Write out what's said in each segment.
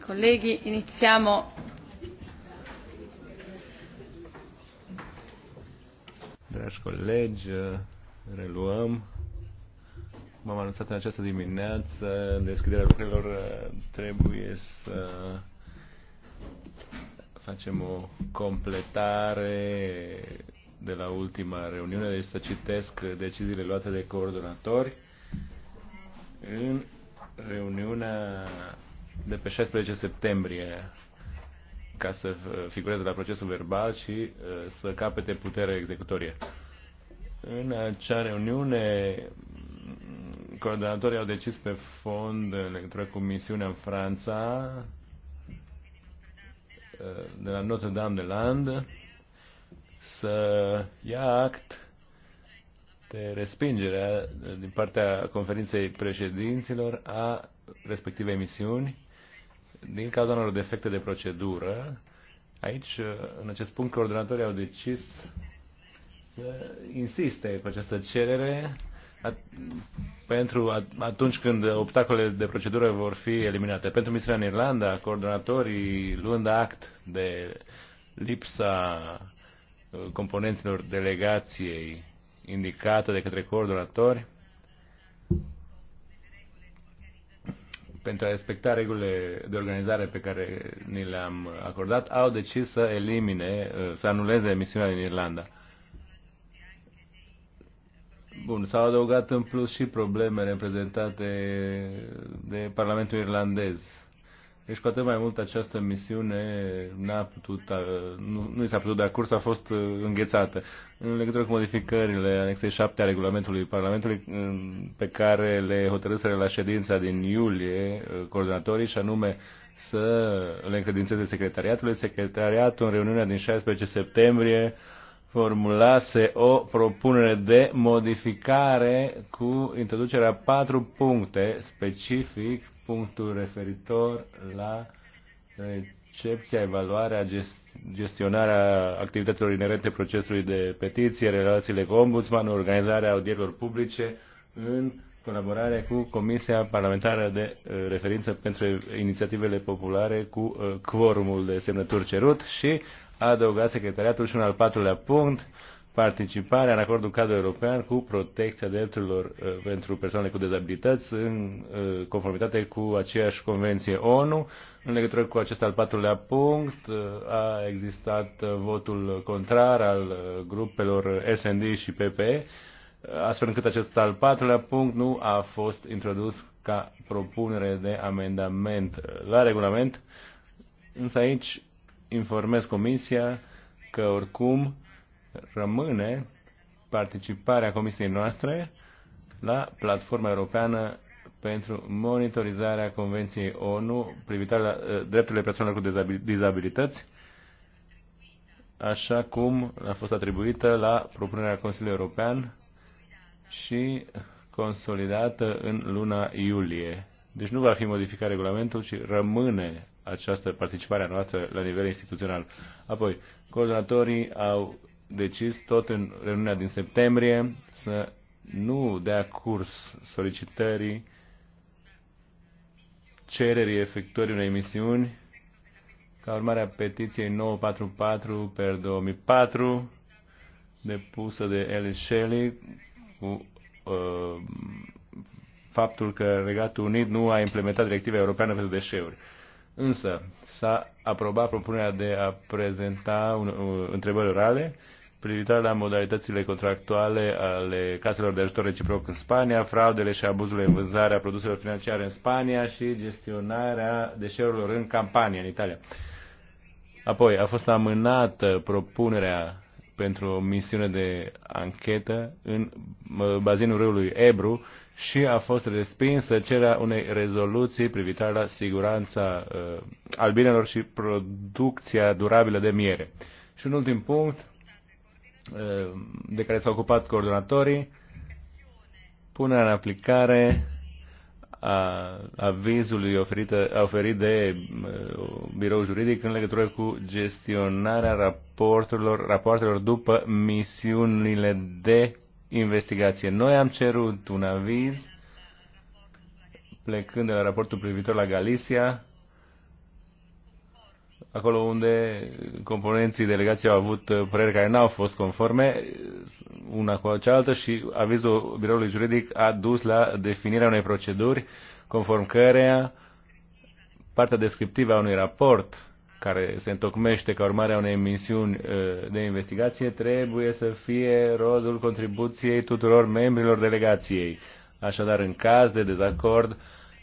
colleghi iniziamo dragi colegi reluăm m am anunțat în această dimineață, deschiderea lucrurilor, uh, trebuie să facem o completare de la ultima reuniune, deci să citesc deciziile luate de coordonatori în reuniunea de pe 16 septembrie ca să figureze la procesul verbal și uh, să capete putere executorie. În acea reuniune coordonatorii au decis pe fond în legătură cu misiunea în Franța, de la Notre-Dame-de-Land, să ia act de respingerea din partea conferinței președinților a respectivei misiuni din cauza unor defecte de procedură. Aici, în acest punct, coordonatorii au decis să insiste cu această cerere pentru atunci când obstacolele de procedură vor fi eliminate. Pentru misiunea în Irlanda, coordonatorii luând act de lipsa uh, componenților delegației indicată de către coordonatori pentru a respecta regulile de organizare pe care ni le-am acordat, au decis să elimine, uh, să anuleze misiunea din Irlanda. Bun, s-au adăugat în plus și probleme reprezentate de Parlamentul Irlandez. Deci cu atât mai mult această misiune n-a putut, nu, nu i s-a putut da curs, a fost uh, înghețată. În legătură cu modificările anexei 7 a regulamentului Parlamentului pe care le hotărâsele la ședința din iulie uh, coordonatorii și anume să le încredințeze secretariatului. Secretariatul în reuniunea din 16 septembrie formulase o propunere de modificare cu introducerea patru puncte, specific punctul referitor la recepția, evaluarea, gestionarea activităților inerente procesului de petiție, relațiile cu ombudsmanul, organizarea audierilor publice în colaborare cu Comisia Parlamentară de uh, Referință pentru Inițiativele Populare cu uh, quorumul de semnături cerut și a adăugat secretariatul și un al patrulea punct, participarea în acordul cadru european cu protecția drepturilor uh, pentru persoanele cu dezabilități în uh, conformitate cu aceeași convenție ONU. În legătură cu acest al patrulea punct uh, a existat uh, votul contrar al uh, grupelor SND și PPE, uh, astfel încât acest al patrulea punct nu a fost introdus ca propunere de amendament uh, la regulament. Însă aici informez Comisia că oricum rămâne participarea Comisiei noastre la Platforma Europeană pentru monitorizarea Convenției ONU privitoare la eh, drepturile persoanelor cu dizabilități, așa cum a fost atribuită la propunerea Consiliului European și consolidată în luna iulie. Deci nu va fi modificat regulamentul, ci rămâne această participare a noastră la nivel instituțional. Apoi, coordonatorii au decis tot în reuniunea din septembrie să nu dea curs solicitării cererii efectuării unei misiuni ca urmare a petiției 944 per 2004 depusă de Ellen Shelley cu uh, faptul că Regatul Unit nu a implementat directiva europeană pentru deșeuri. Uh, Însă s-a aprobat propunerea de a prezenta un, un, întrebări orale privitoare la modalitățile contractuale ale caselor de ajutor reciproc în Spania, fraudele și abuzurile în vânzarea produselor financiare în Spania și gestionarea deșeurilor în Campania, în Italia. Apoi a fost amânată propunerea pentru o misiune de anchetă în bazinul râului Ebru și a fost respinsă cererea unei rezoluții privitoare la siguranța uh, albinelor și producția durabilă de miere. Și un ultim punct uh, de care s-au ocupat coordonatorii, punerea în aplicare a avizului oferită, oferit de uh, birou juridic în legătură cu gestionarea raporturilor, raporturilor după misiunile de investigație. Noi am cerut un aviz plecând de la raportul privitor la Galicia, acolo unde componenții delegației au avut uh, păreri care n-au fost conforme uh, una cu cealaltă și avizul biroului juridic a dus la definirea unei proceduri conform căreia partea descriptivă a unui raport care se întocmește ca urmare a unei misiuni uh, de investigație trebuie să fie rodul contribuției tuturor membrilor delegației. Așadar, în caz de dezacord,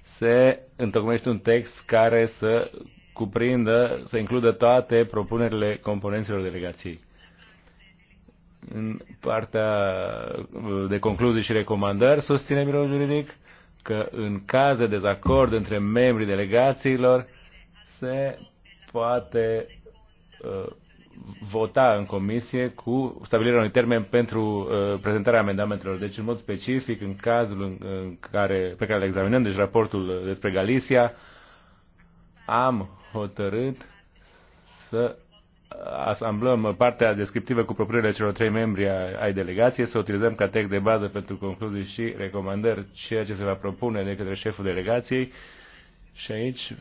se întocmește un text care să cuprindă, să includă toate propunerile componenților delegației. În partea uh, de concluzii și recomandări susține biroul juridic că în caz de dezacord între membrii delegațiilor se poate uh, vota în comisie cu stabilirea unui termen pentru uh, prezentarea amendamentelor. Deci, în mod specific, în cazul în, în care, pe care îl examinăm, deci raportul despre Galicia, am hotărât să asamblăm partea descriptivă cu propunerile celor trei membri ai delegației, să utilizăm ca text de bază pentru concluzii și recomandări ceea ce se va propune de către șeful delegației. Și aici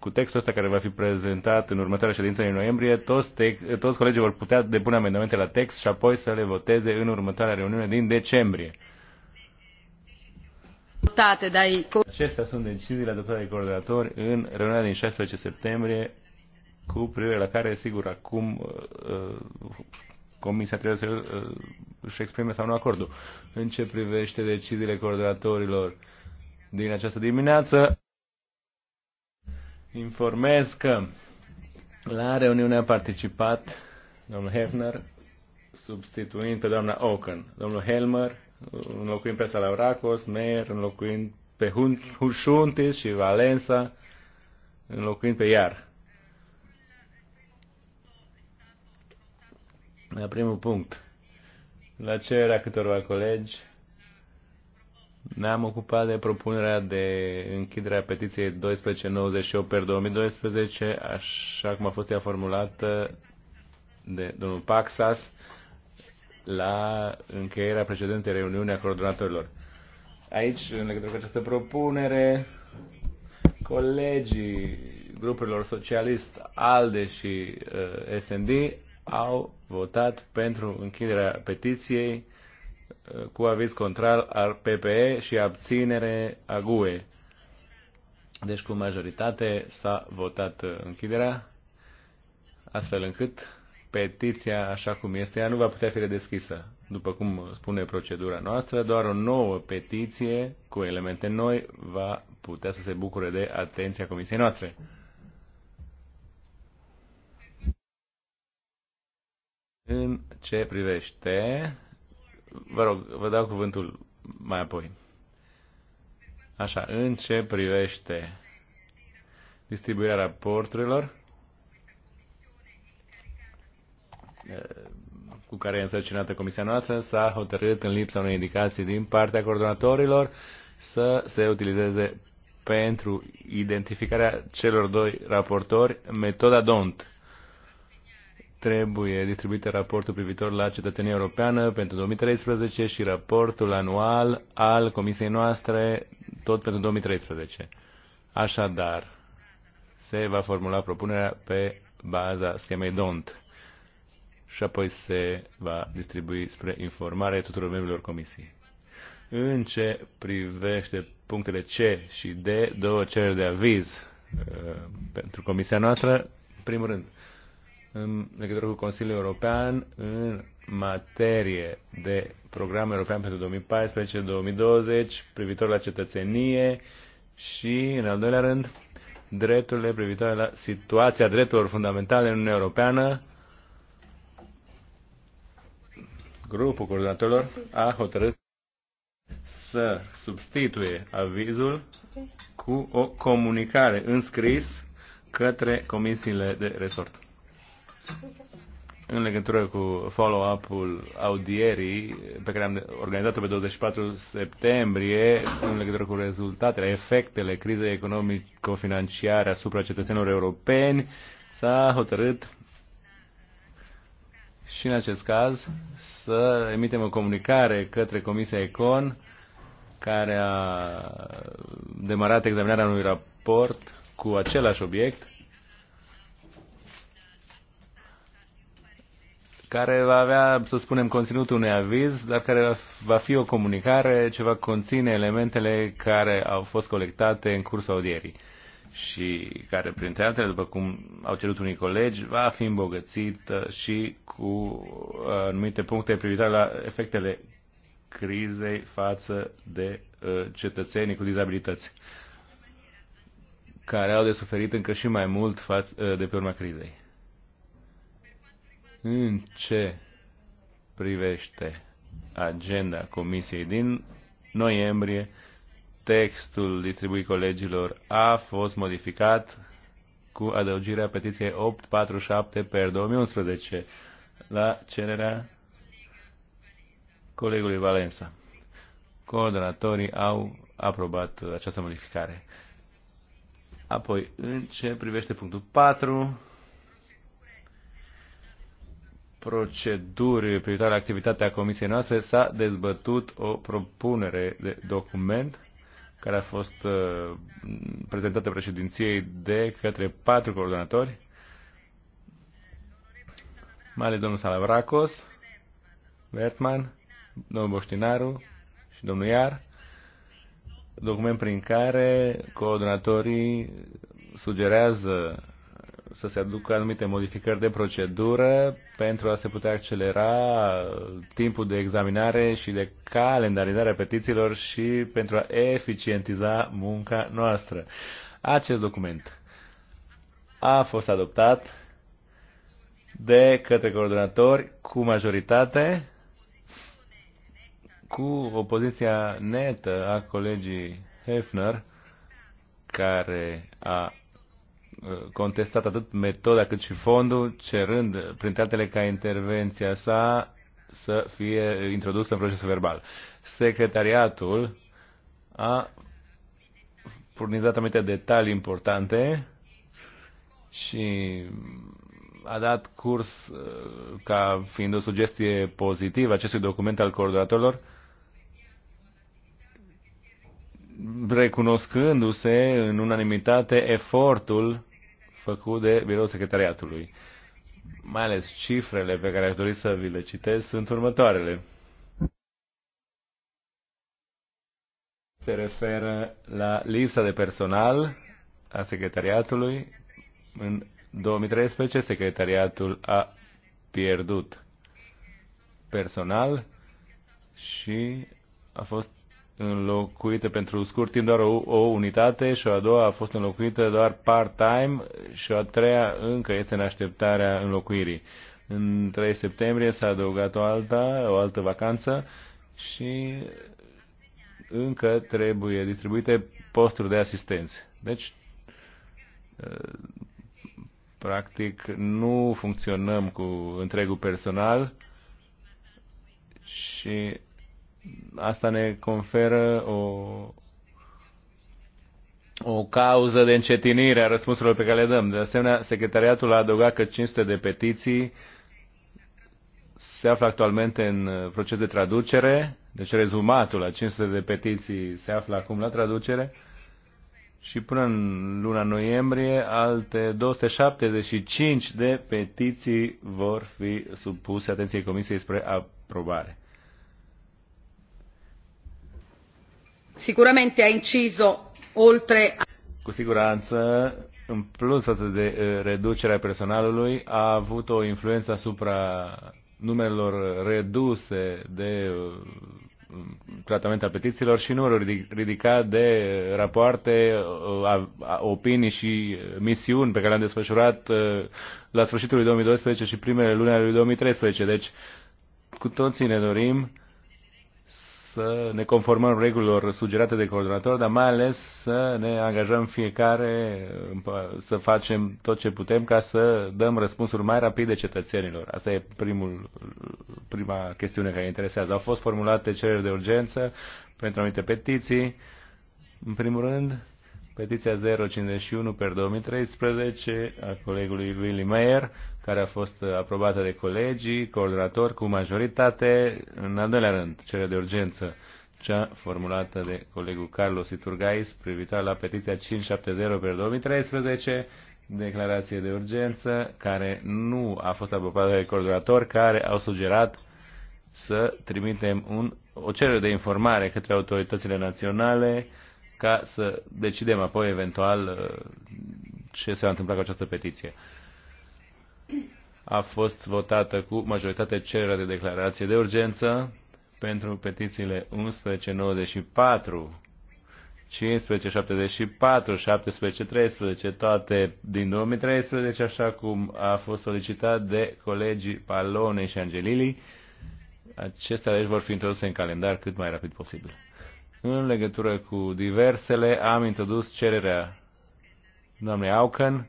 cu textul ăsta care va fi prezentat în următoarea ședință din noiembrie, toți, tex, toți colegii vor putea depune amendamente la text și apoi să le voteze în următoarea reuniune din decembrie. Acestea sunt deciziile adoptate de coordonatori în reuniunea din 16 septembrie, cu privire la care, sigur, acum uh, uh, Comisia trebuie să uh, își exprime sau nu acordul. În ce privește deciziile coordonatorilor din această dimineață, informez că la reuniune a participat domnul Hefner, substituind pe doamna Oken, domnul Helmer, înlocuind pe Salavracos, Meyer, înlocuind pe Hușuntis și Valensa, înlocuind pe Iar. La primul punct, la cererea câtorva colegi, ne-am ocupat de propunerea de închidere a petiției 1298 per 2012, așa cum a fost ea formulată de domnul Paxas la încheierea precedentei reuniuni a coordonatorilor. Aici, în legătură cu această propunere, colegii grupurilor socialist, ALDE și uh, SND au votat pentru închiderea petiției Uh, cu aviz contrar al PPE și abținere a GUE. Deci cu majoritate s-a votat uh, închiderea, astfel încât petiția așa cum este ea nu va putea fi redeschisă. După cum spune procedura noastră, doar o nouă petiție cu elemente noi va putea să se bucure de atenția comisiei noastre. În ce privește Vă rog, vă dau cuvântul mai apoi. Așa, în ce privește distribuirea raporturilor eh, cu care e însărcinată comisia noastră, s-a hotărât în lipsa unei indicații din partea coordonatorilor să se utilizeze pentru identificarea celor doi raportori metoda DONT trebuie distribuite raportul privitor la cetățenia europeană pentru 2013 și raportul anual al comisiei noastre tot pentru 2013. Așadar, se va formula propunerea pe baza schemei DONT și apoi se va distribui spre informare tuturor membrilor comisiei. În ce privește punctele C și D, două cereri de aviz uh, pentru comisia noastră, în primul rând, în legătură cu Consiliul European în materie de program european pentru 2014-2020 privitor la cetățenie și, în al doilea rând, drepturile privitoare la situația drepturilor fundamentale în Uniunea Europeană. Grupul coordonatorilor a hotărât să substituie avizul cu o comunicare înscris către comisiile de resort în legătură cu follow-up-ul audierii pe care am organizat-o pe 24 septembrie, în legătură cu rezultatele, efectele crizei economico-financiare asupra cetățenilor europeni, s-a hotărât și în acest caz să emitem o comunicare către Comisia Econ care a demarat examinarea unui raport cu același obiect care va avea, să spunem, conținutul unui aviz, dar care va fi o comunicare ce va conține elementele care au fost colectate în cursul audierii și care, printre altele, după cum au cerut unii colegi, va fi îmbogățit și cu uh, anumite puncte privitoare la efectele crizei față de uh, cetățenii cu dizabilități, care au de suferit încă și mai mult față uh, de pe urma crizei în ce privește agenda Comisiei din noiembrie, textul distribuit colegilor a fost modificat cu adăugirea petiției 847 per 2011 la cererea colegului Valensa. Coordonatorii au aprobat această modificare. Apoi, în ce privește punctul 4, proceduri privitoare la activitatea comisiei noastre s-a dezbătut o propunere de document care a fost uh, prezentată președinției de către patru coordonatori, mai ales domnul Salavracos, Bertman, domnul Boștinaru și domnul Iar, document prin care coordonatorii sugerează să se aducă anumite modificări de procedură pentru a se putea accelera uh, timpul de examinare și de calendarizare a petițiilor și pentru a eficientiza munca noastră. Acest document a fost adoptat de către coordonatori cu majoritate, cu opoziția netă a colegii Hefner, care a contestat atât metoda cât și fondul, cerând, printre altele, ca intervenția sa să fie introdusă în procesul verbal. Secretariatul a furnizat anumite detalii importante și a dat curs uh, ca fiind o sugestie pozitivă acestui document al coordonatorilor, recunoscându-se în unanimitate efortul făcut de biroul secretariatului. Mai ales cifrele pe care aș dori să vi le citesc sunt următoarele. Se referă la lipsa de personal a secretariatului. În 2013 secretariatul a pierdut personal și a fost înlocuită pentru scurt timp doar o, o unitate și a doua a fost înlocuită doar part-time și a treia încă este în așteptarea înlocuirii. În 3 septembrie s-a adăugat o alta, o altă vacanță și încă trebuie distribuite posturi de asistență Deci, practic, nu funcționăm cu întregul personal și asta ne conferă o, o cauză de încetinire a răspunsurilor pe care le dăm. De asemenea, secretariatul a adăugat că 500 de petiții se află actualmente în uh, proces de traducere, deci rezumatul la 500 de petiții se află acum la traducere și până în luna noiembrie alte 275 de petiții vor fi supuse atenției Comisiei spre aprobare. sicuramente ha inciso oltre a... Cu siguranță, în plus atât de eh, reducerea personalului, a avut o influență asupra numerelor reduse de eh, tratament al petițiilor și numărul ridicat de eh, rapoarte, opinii și misiuni pe care le-am desfășurat la sfârșitul lui 2012 și primele luni ale lui 2013. Deci, cu toții ne dorim să ne conformăm regulilor sugerate de coordonator, dar mai ales să ne angajăm fiecare uh, să facem tot ce putem ca să dăm răspunsuri mai rapide cetățenilor. Asta e primul, prima chestiune care interesează. Au fost formulate cereri de urgență pentru anumite petiții. În primul rând, petiția 051 per 2013 a colegului Willy Mayer, care a fost aprobată de colegii, coordonator cu majoritate, în al doilea rând, cele de urgență, cea formulată de colegul Carlos Iturgais privitoare la petiția 570 per 2013, declarație de urgență, care nu a fost aprobată de coordonator, care au sugerat să trimitem un, o cerere de informare către autoritățile naționale ca să decidem apoi eventual uh, ce se va întâmpla cu această petiție. A fost votată cu majoritate cererea de declarație de urgență pentru petițiile 1194 15, 74, 17, 13, toate din 2013, așa cum a fost solicitat de colegii Palone și Angelili. Acestea aici deci, vor fi introduse în calendar cât mai rapid posibil în legătură cu diversele, am introdus cererea doamnei Auken,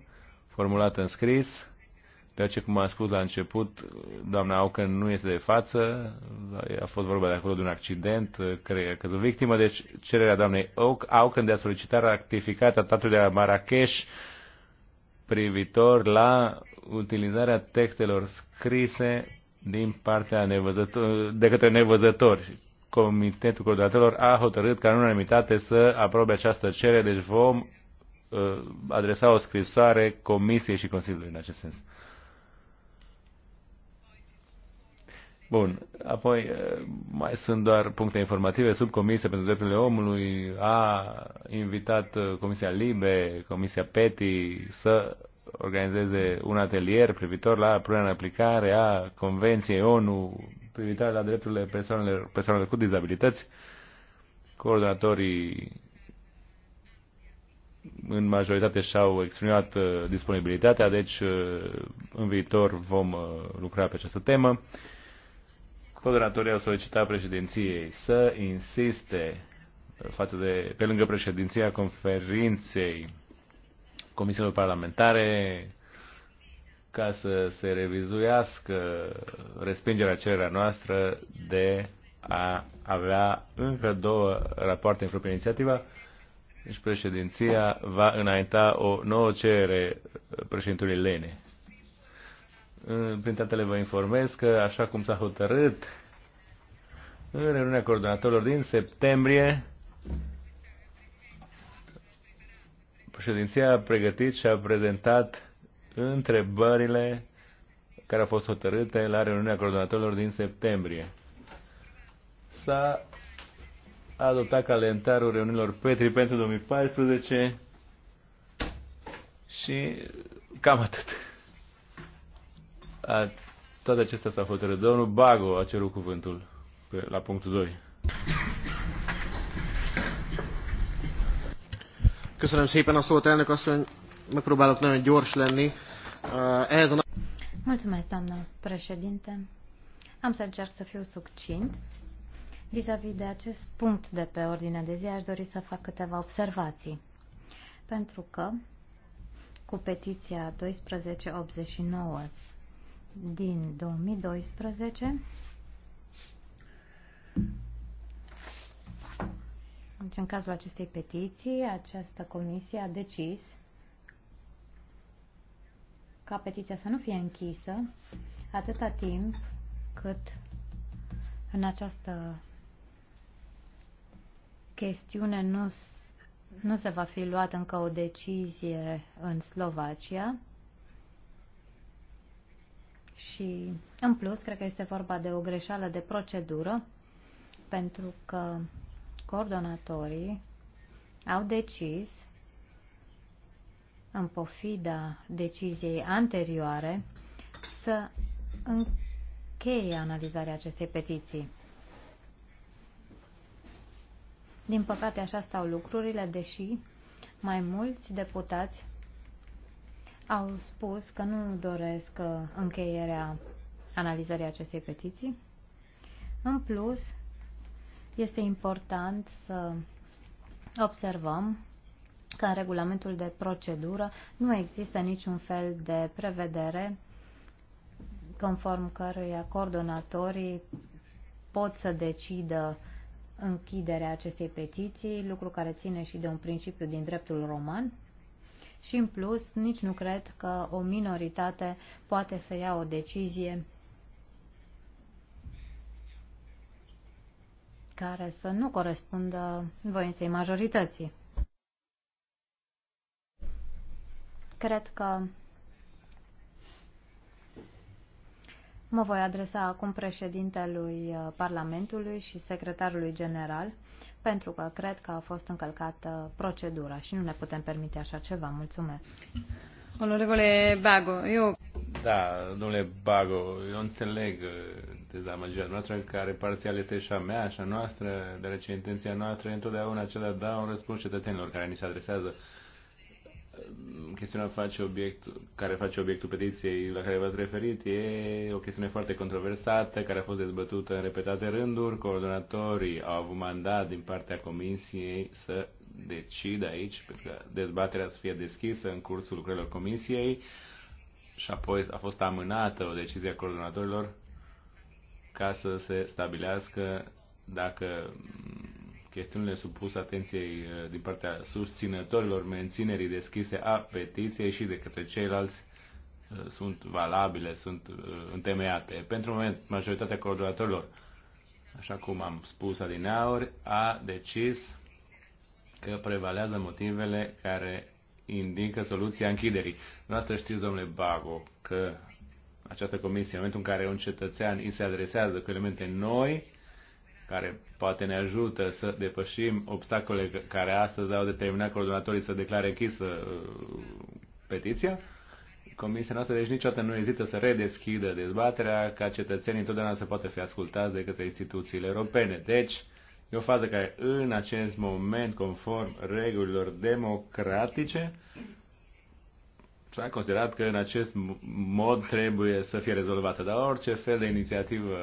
formulată în scris, de aceea, cum am spus la început, doamna Auken nu este de față, a fost vorba de acolo de un accident, cred că o victimă, deci cererea doamnei Auken de a solicita rectificarea tratatului de la Marrakesh privitor la utilizarea textelor scrise din partea nevăzător, de către nevăzători Comitetul Coordonatorilor a hotărât ca în unanimitate să aprobe această cerere, deci vom uh, adresa o scrisoare Comisiei și Consiliului în acest sens. Bun, apoi uh, mai sunt doar puncte informative. Subcomisia pentru drepturile omului a invitat uh, Comisia Libe, Comisia PETI să organizeze un atelier privitor la punerea în aplicare a Convenției ONU cu la drepturile persoanelor, persoanelor cu dizabilități. Coordonatorii în majoritate și-au exprimat uh, disponibilitatea, deci uh, în viitor vom uh, lucra pe această temă. Coordonatorii au solicitat președinției să insiste față de, pe lângă președinția conferinței comisiilor parlamentare, ca să se revizuiască respingerea cererea noastră de a avea încă două rapoarte în propria inițiativă. Deci președinția va înainta o nouă cerere președintului Lene. Printre altele vă informez că, așa cum s-a hotărât în reuniunea coordonatorilor din septembrie, președinția a pregătit și a prezentat întrebările care au fost hotărâte la reuniunea coordonatorilor din septembrie. S-a adoptat calendarul reuniunilor Petri pentru 2014 și cam atât. A, toate acestea s-au hotărât. Domnul Bago a cerut cuvântul pe, la punctul 2. Köszönöm szépen a szót, elnök asszony. Megpróbálok nagyon gyors lenni. Uh, Mulțumesc, doamnă președinte. Am să încerc să fiu succint. Vis-a-vis -vis de acest punct de pe ordinea de zi, aș dori să fac câteva observații. Pentru că cu petiția 1289 din 2012, deci în cazul acestei petiții, această comisie a decis ca petiția să nu fie închisă atâta timp cât în această chestiune nu, nu se va fi luat încă o decizie în Slovacia. Și, în plus, cred că este vorba de o greșeală de procedură, pentru că coordonatorii au decis în pofida deciziei anterioare, să încheie analizarea acestei petiții. Din păcate așa stau lucrurile, deși mai mulți deputați au spus că nu doresc uh, încheierea analizării acestei petiții. În plus, este important să observăm că în regulamentul de procedură nu există niciun fel de prevedere conform căruia coordonatorii pot să decidă închiderea acestei petiții, lucru care ține și de un principiu din dreptul roman. Și în plus, nici nu cred că o minoritate poate să ia o decizie care să nu corespundă voinței majorității. Cred că mă voi adresa acum președintelui uh, Parlamentului și secretarului general, pentru că cred că a fost încălcată procedura și nu ne putem permite așa ceva. Mulțumesc. Onorevole Bago, eu... Da, domnule Bago, eu înțeleg uh, dezamăgirea noastră, care parțial este și a mea și a noastră, deoarece intenția noastră e întotdeauna acela de a da un răspuns cetățenilor care ni se adresează chestiunea face obiectul, care face obiectul petiției la care v-ați referit e o chestiune foarte controversată, care a fost dezbătută în repetate rânduri. Coordonatorii au avut mandat din partea Comisiei să decidă aici, pentru că dezbaterea să fie deschisă în cursul lucrărilor Comisiei și apoi a fost amânată o decizie a coordonatorilor ca să se stabilească dacă chestiunile supuse atenției uh, din partea susținătorilor menținerii deschise a petiției și de către ceilalți uh, sunt valabile, sunt uh, întemeiate. Pentru moment, majoritatea coordonatorilor, așa cum am spus adineauri, a decis că prevalează motivele care indică soluția închiderii. Noastră știți, domnule Bago, că această comisie, în momentul în care un cetățean îi se adresează cu elemente noi, care poate ne ajută să depășim obstacole care astăzi au determinat coordonatorii să declare închisă uh, petiția. Comisia noastră deci niciodată nu ezită să redeschidă dezbaterea ca cetățenii întotdeauna să poată fi ascultați de către instituțiile europene. Deci, e o fază care în acest moment, conform regulilor democratice, s-a considerat că în acest mod trebuie să fie rezolvată, dar orice fel de inițiativă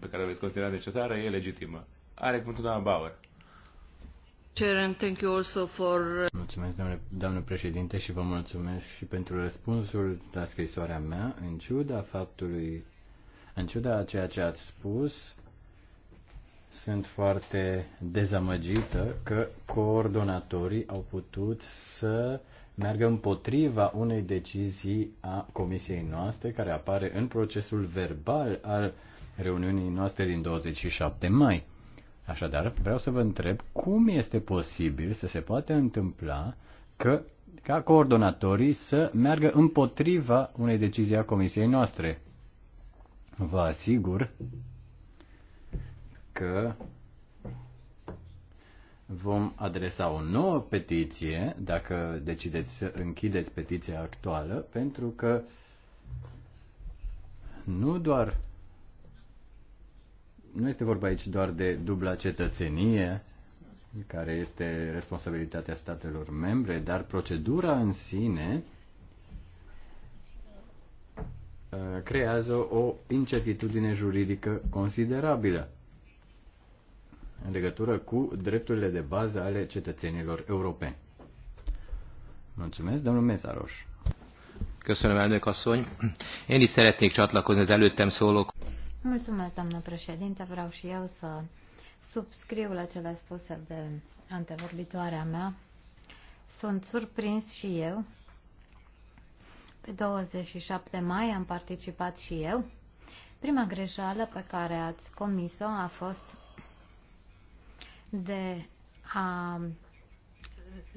pe care o veți considera necesară e legitimă. Are cuvântul doamna Bauer. Thank you also for... Mulțumesc, doamne, doamne președinte, și vă mulțumesc și pentru răspunsul la scrisoarea mea, în ciuda faptului, în ciuda a ceea ce ați spus, sunt foarte dezamăgită că coordonatorii au putut să uh, meargă împotriva unei decizii a comisiei noastre care apare în procesul verbal al reuniunii noastre din 27 mai. Așadar, vreau să vă întreb cum este posibil să se poate întâmpla că ca coordonatorii să meargă împotriva unei decizii a comisiei noastre. Vă asigur că vom adresa o nouă petiție, dacă decideți să închideți petiția actuală, pentru că nu doar nu este vorba aici doar de dubla cetățenie, care este responsabilitatea statelor membre, dar procedura în sine uh, creează o incertitudine juridică considerabilă în legătură cu drepturile de bază ale cetățenilor europeni. Mulțumesc, domnul Mezaroș. Köszönöm, elnök asszony. Én is szeretnék csatlakozni az előttem szólók. Mulțumesc, doamnă președinte. Vreau și eu să subscriu la cele spuse de antevorbitoarea mea. Sunt surprins și eu. Pe 27 mai am participat și eu. Prima greșeală pe care ați comis-o a fost de a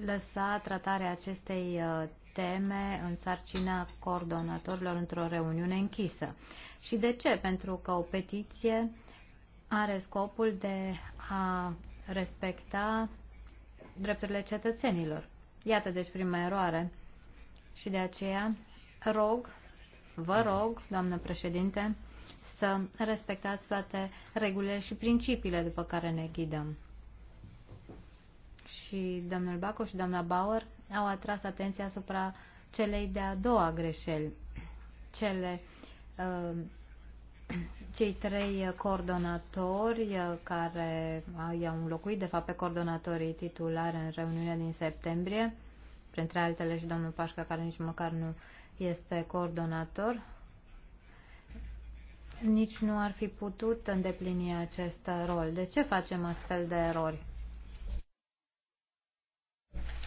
lăsa tratarea acestei uh, teme în sarcina coordonatorilor într-o reuniune închisă. Și de ce? Pentru că o petiție are scopul de a respecta drepturile cetățenilor. Iată deci prima eroare. Și de aceea rog, vă rog, doamnă președinte, să respectați toate regulile și principiile după care ne ghidăm și domnul Baco și doamna Bauer au atras atenția asupra celei de-a doua greșeli, cele uh, cei trei coordonatori uh, care i-au înlocuit, de fapt, pe coordonatorii titulari în reuniunea din septembrie, printre altele și domnul Pașca, care nici măcar nu este coordonator, nici nu ar fi putut îndeplini acest rol. De ce facem astfel de erori?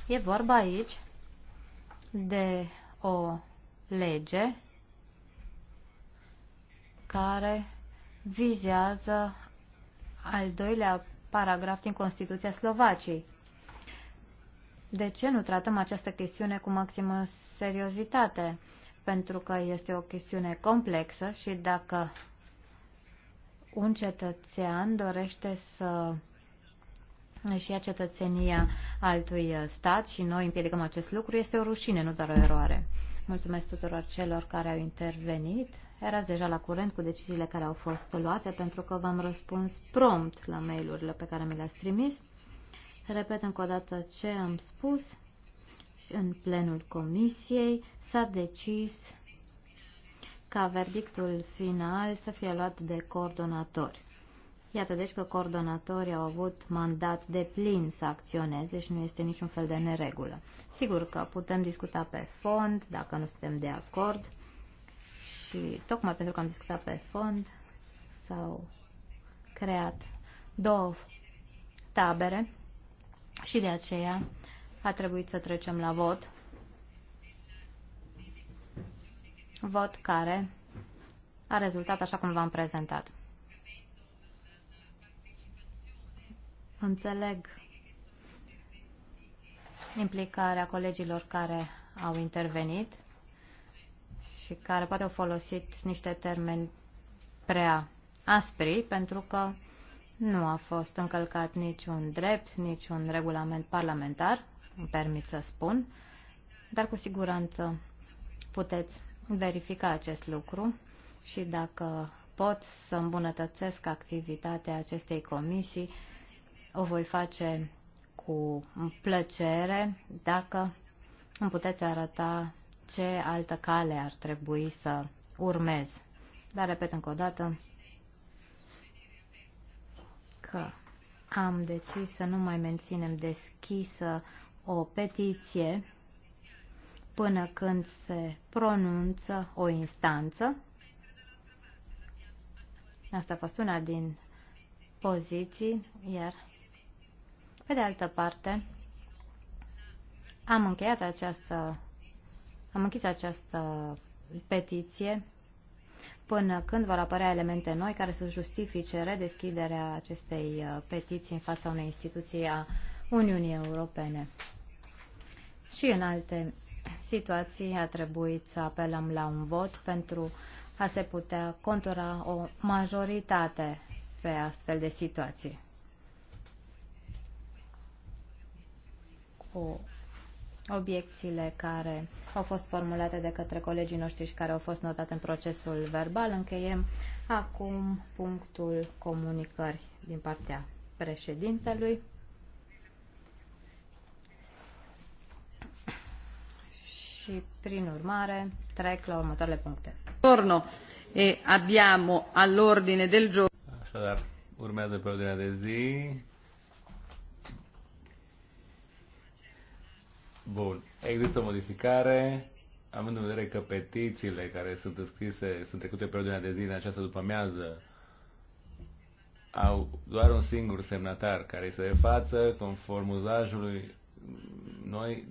E vorba aici de o lege care vizează al doilea paragraf din Constituția Slovaciei. De ce nu tratăm această chestiune cu maximă seriozitate? Pentru că este o chestiune complexă și dacă un cetățean dorește să și ia cetățenia altui stat și noi împiedicăm acest lucru, este o rușine, nu doar o eroare. Mulțumesc tuturor celor care au intervenit. Erați deja la curent cu deciziile care au fost luate pentru că v-am răspuns prompt la mail-urile pe care mi le-ați trimis. Repet încă o dată ce am spus. În plenul comisiei s-a decis ca verdictul final să fie luat de coordonatori. Iată deci că coordonatorii au avut mandat de plin să acționeze și nu este niciun fel de neregulă. Sigur că putem discuta pe fond dacă nu suntem de acord și tocmai pentru că am discutat pe fond s-au creat două tabere și de aceea a trebuit să trecem la vot. Vot care a rezultat așa cum v-am prezentat. Înțeleg implicarea colegilor care au intervenit și care poate au folosit niște termeni prea aspri, pentru că nu a fost încălcat niciun drept, niciun regulament parlamentar, îmi permit să spun, dar cu siguranță puteți verifica acest lucru și dacă pot să îmbunătățesc activitatea acestei comisii, o voi face cu plăcere dacă îmi puteți arăta ce altă cale ar trebui să urmez. Dar repet încă o dată că am decis să nu mai menținem deschisă o petiție până când se pronunță o instanță. Asta a fost una din poziții, iar pe de altă parte, am încheiat această, am închis această petiție până când vor apărea elemente noi care să justifice redeschiderea acestei uh, petiții în fața unei instituții a Uniunii Europene. Și în alte situații a trebuit să apelăm la un vot pentru a se putea contura o majoritate pe astfel de situații. cu obiecțiile care au fost formulate de către colegii noștri și care au fost notate în procesul verbal. Încheiem acum punctul comunicări din partea președintelui. Și, prin urmare, trec la următoarele puncte. Torno e abbiamo all'ordine del giorno. Așadar, urmează pe ordinea de zi Bun. Există o modificare, având în vedere că petițiile care sunt înscrise, sunt trecute pe ordinea de zi în această după amiază, au doar un singur semnatar care este de față, conform uzajului, noi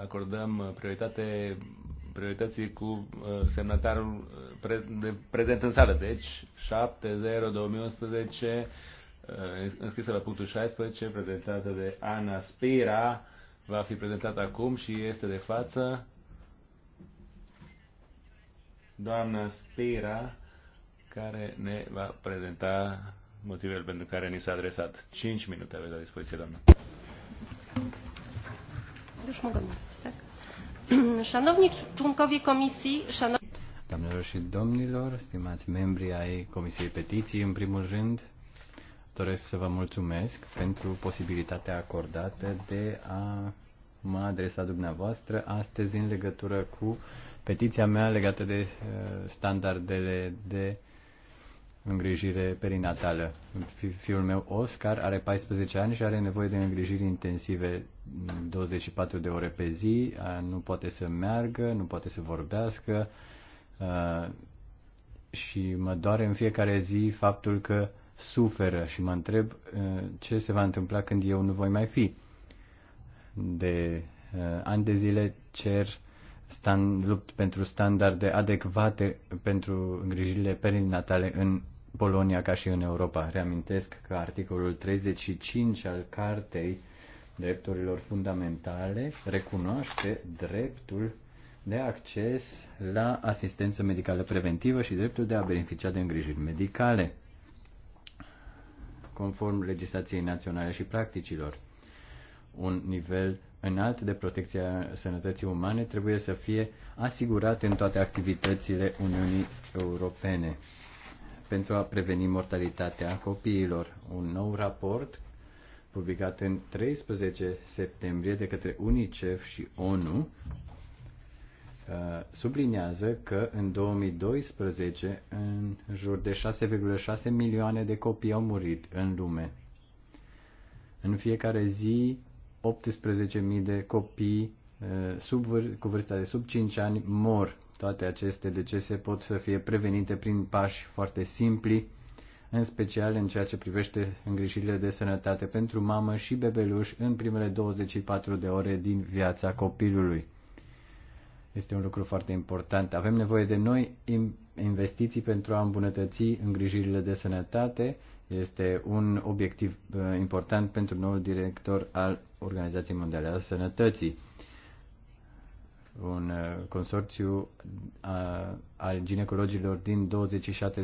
acordăm prioritate priorității cu uh, semnatarul prezent în sală. Deci 0 2011 uh, înscrisă la punctul 16, prezentată de Ana Spira, va fi prezentat acum și este de față doamna Spira, care ne va prezenta motivele pentru care ni s-a adresat. 5 minute aveți la dispoziție, doamnă. Doamnelor și domnilor, stimați membri ai Comisiei Petiții, în primul rând, doresc să vă mulțumesc pentru posibilitatea acordată de a mă adresa dumneavoastră astăzi în legătură cu petiția mea legată de uh, standardele de îngrijire perinatală. Fiul meu, Oscar, are 14 ani și are nevoie de îngrijiri intensive 24 de ore pe zi, nu poate să meargă, nu poate să vorbească uh, și mă doare în fiecare zi faptul că suferă și mă întreb uh, ce se va întâmpla când eu nu voi mai fi. De uh, ani de zile cer stan, lupt pentru standarde adecvate pentru îngrijirile perinatale în Polonia ca și în Europa. Reamintesc că articolul 35 al Cartei Drepturilor Fundamentale recunoaște dreptul de acces la asistență medicală preventivă și dreptul de a beneficia de îngrijiri medicale conform legislației naționale și practicilor. Un nivel înalt de protecție a sănătății umane trebuie să fie asigurat în toate activitățile Uniunii Europene pentru a preveni mortalitatea copiilor. Un nou raport publicat în 13 septembrie de către UNICEF și ONU Uh, subliniază că în 2012 în jur de 6,6 milioane de copii au murit în lume. În fiecare zi, 18.000 de copii uh, sub, cu vârsta de sub 5 ani mor. Toate aceste decese pot să fie prevenite prin pași foarte simpli, în special în ceea ce privește îngrijirile de sănătate pentru mamă și bebeluș în primele 24 de ore din viața copilului este un lucru foarte important. Avem nevoie de noi investiții pentru a îmbunătăți îngrijirile de sănătate. Este un obiectiv uh, important pentru noul director al Organizației Mondiale a Sănătății. Un uh, consorțiu uh, al ginecologilor din 26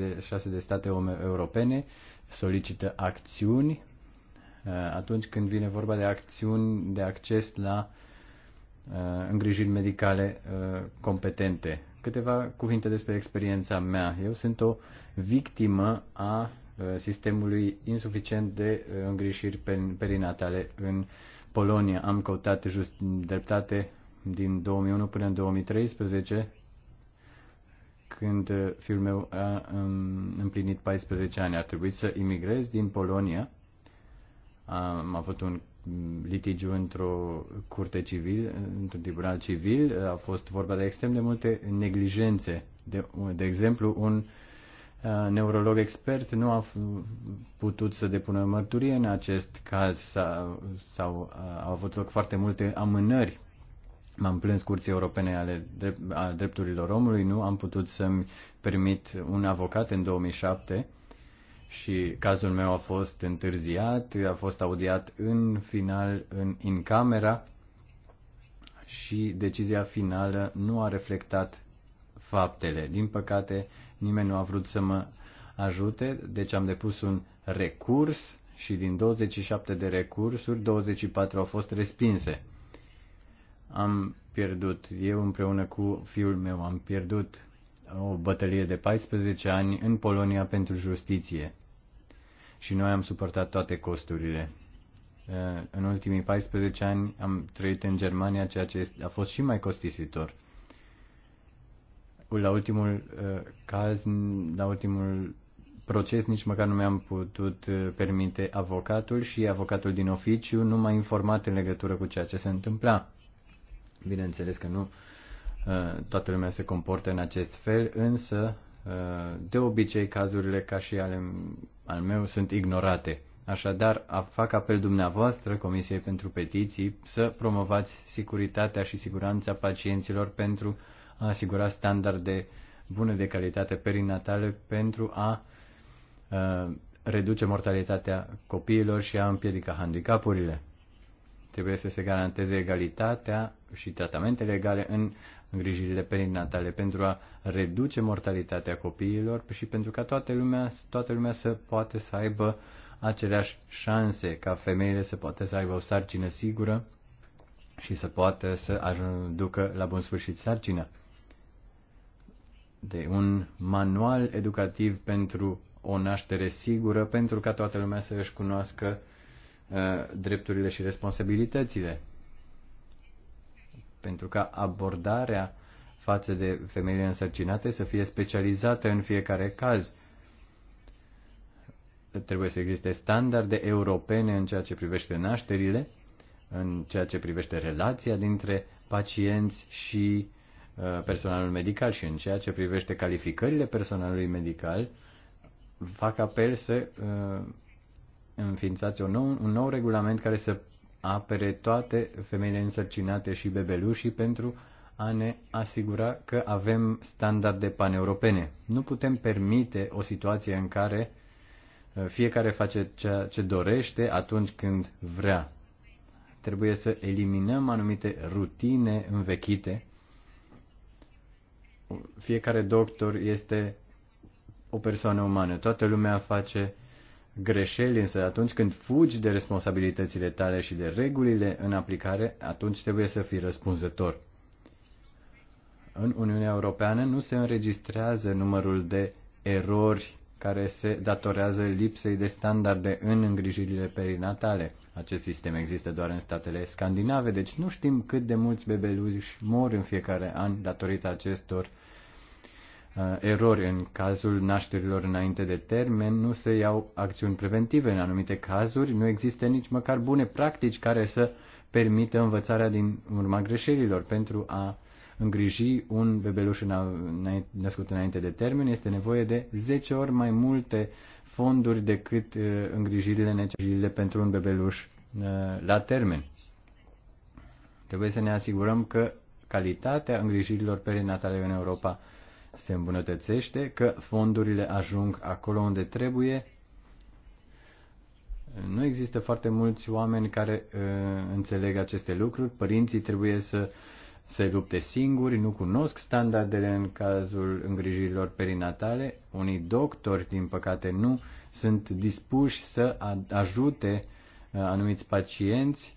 de state europene solicită acțiuni atunci când vine vorba de acțiuni de acces la uh, Uh, îngrijiri medicale uh, competente. Câteva cuvinte despre experiența mea. Eu sunt o victimă a uh, sistemului insuficient de îngrijiri perinatale în Polonia. Am căutat just dreptate din 2001 până în 2013, când fiul meu a um, împlinit 14 ani. Ar trebui să imigrez din Polonia. Am avut un litigiu într-o curte civil, într-un tribunal civil, a fost vorba de extrem de multe neglijențe. De, de exemplu, un uh, neurolog expert nu a putut să depună mărturie în acest caz sau, sau uh, au avut loc foarte multe amânări. M-am plâns curții europene ale drept, a drepturilor omului, nu am putut să-mi permit un avocat în 2007 și cazul meu a fost întârziat, a fost audiat în final în in camera și decizia finală nu a reflectat faptele. Din păcate, nimeni nu a vrut să mă ajute, deci am depus un recurs și din 27 de recursuri, 24 au fost respinse. Am pierdut, eu împreună cu fiul meu am pierdut o bătălie de 14 ani în Polonia pentru justiție și noi am suportat toate costurile. Uh, în ultimii 14 ani am trăit în Germania, ceea ce a fost și mai costisitor. La ultimul uh, caz, la ultimul proces, nici măcar nu mi-am putut uh, permite avocatul și avocatul din oficiu nu m-a informat în legătură cu ceea ce se întâmpla. Bineînțeles că nu toată lumea se comportă în acest fel, însă Eh, de obicei cazurile ca și ale, al meu sunt ignorate. Așadar, fac apel dumneavoastră Comisiei pentru Petiții să promovați securitatea și siguranța pacienților pentru a asigura standarde bune de calitate perinatale pentru a eh, reduce mortalitatea copiilor și a împiedica handicapurile. Trebuie să se garanteze egalitatea și tratamentele egale în îngrijirile perinatale, pentru a reduce mortalitatea copiilor și pentru ca toată lumea, toată lumea să poată să aibă aceleași șanse, ca femeile să poată să aibă o sarcină sigură și să poată să ajungă la bun sfârșit sarcina. De un manual educativ pentru o naștere sigură, pentru ca toată lumea să își cunoască uh, drepturile și responsabilitățile pentru ca abordarea față de femeile însărcinate să fie specializată în fiecare caz. Trebuie să existe standarde europene în ceea ce privește nașterile, în ceea ce privește relația dintre pacienți și uh, personalul medical și în ceea ce privește calificările personalului medical, fac apel să uh, înființați un nou, un nou regulament care să apere toate femeile însărcinate și bebelușii pentru a ne asigura că avem standarde paneuropene. Nu putem permite o situație în care uh, fiecare face ceea ce dorește atunci când vrea. Trebuie să eliminăm anumite rutine învechite. Fiecare doctor este o persoană umană. Toată lumea face uh, greșeli, însă atunci când fugi de responsabilitățile tale și de regulile în aplicare, atunci trebuie să fii răspunzător. În Uniunea Europeană nu se înregistrează numărul de erori care se datorează lipsei de standarde în îngrijirile perinatale. Acest sistem există doar în statele scandinave, deci nu știm cât de mulți bebeluși mor în fiecare an datorită acestor uh, Uh, erori în cazul nașterilor înainte de termen, nu se iau acțiuni preventive în anumite cazuri, nu există nici măcar bune practici care să permită învățarea din urma greșelilor. Pentru a îngriji un bebeluș născut înainte de termen este nevoie de 10 ori mai multe fonduri decât uh, îngrijirile necesare pentru un bebeluș uh, la termen. Trebuie să ne asigurăm că calitatea îngrijirilor perinatale în Europa se îmbunătățește, că fondurile ajung acolo unde trebuie. Nu există foarte mulți oameni care uh, înțeleg aceste lucruri. Părinții trebuie să se lupte singuri, nu cunosc standardele în cazul îngrijirilor perinatale. Unii doctori, din păcate, nu sunt dispuși să ajute uh, anumiți pacienți.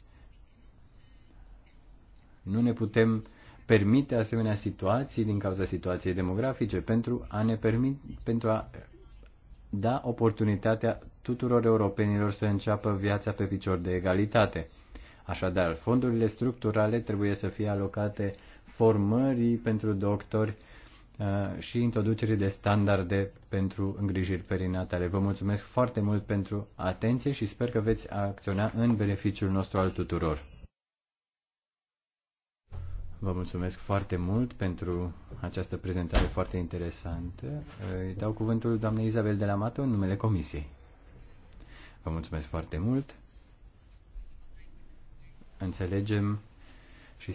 Nu ne putem uh, permite asemenea situații din cauza situației demografice pentru a ne permit, pentru a da oportunitatea tuturor europenilor să înceapă viața pe picior de egalitate. Așadar, fondurile structurale trebuie să fie alocate formării pentru doctori uh, și introducerii de standarde pentru îngrijiri perinatale. Vă mulțumesc foarte mult pentru atenție și sper că veți acționa în beneficiul nostru al tuturor. Vă mulțumesc foarte mult pentru această prezentare foarte interesantă. Îi dau cuvântul doamnei Isabel de la Mato în numele Comisiei. Vă mulțumesc foarte mult. Înțelegem și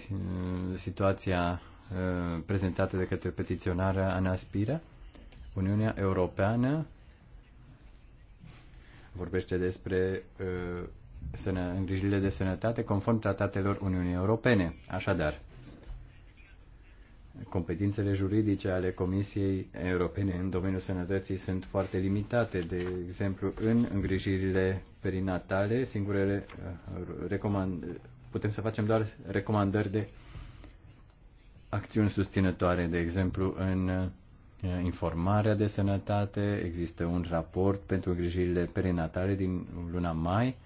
situația ă, prezentată de către petiționarea Ana Spira. Uniunea Europeană vorbește despre ă, îngrijirile de sănătate conform tratatelor Uniunii Europene. Așadar, competințele juridice ale Comisiei Europene în domeniul sănătății sunt foarte limitate. De exemplu, în îngrijirile perinatale, singurele uh, recomand, putem să facem doar recomandări de acțiuni susținătoare. De exemplu, în uh, informarea de sănătate există un raport pentru îngrijirile perinatale din luna mai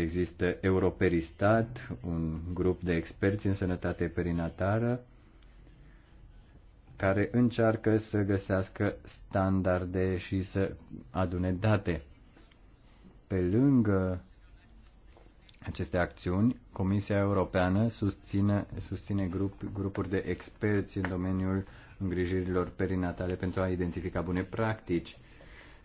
Există Europeristat, un grup de experți în sănătate perinatară, care încearcă să găsească standarde și să adune date. Pe lângă aceste acțiuni, Comisia Europeană susține, susține grup, grupuri de experți în domeniul îngrijirilor perinatale pentru a identifica bune practici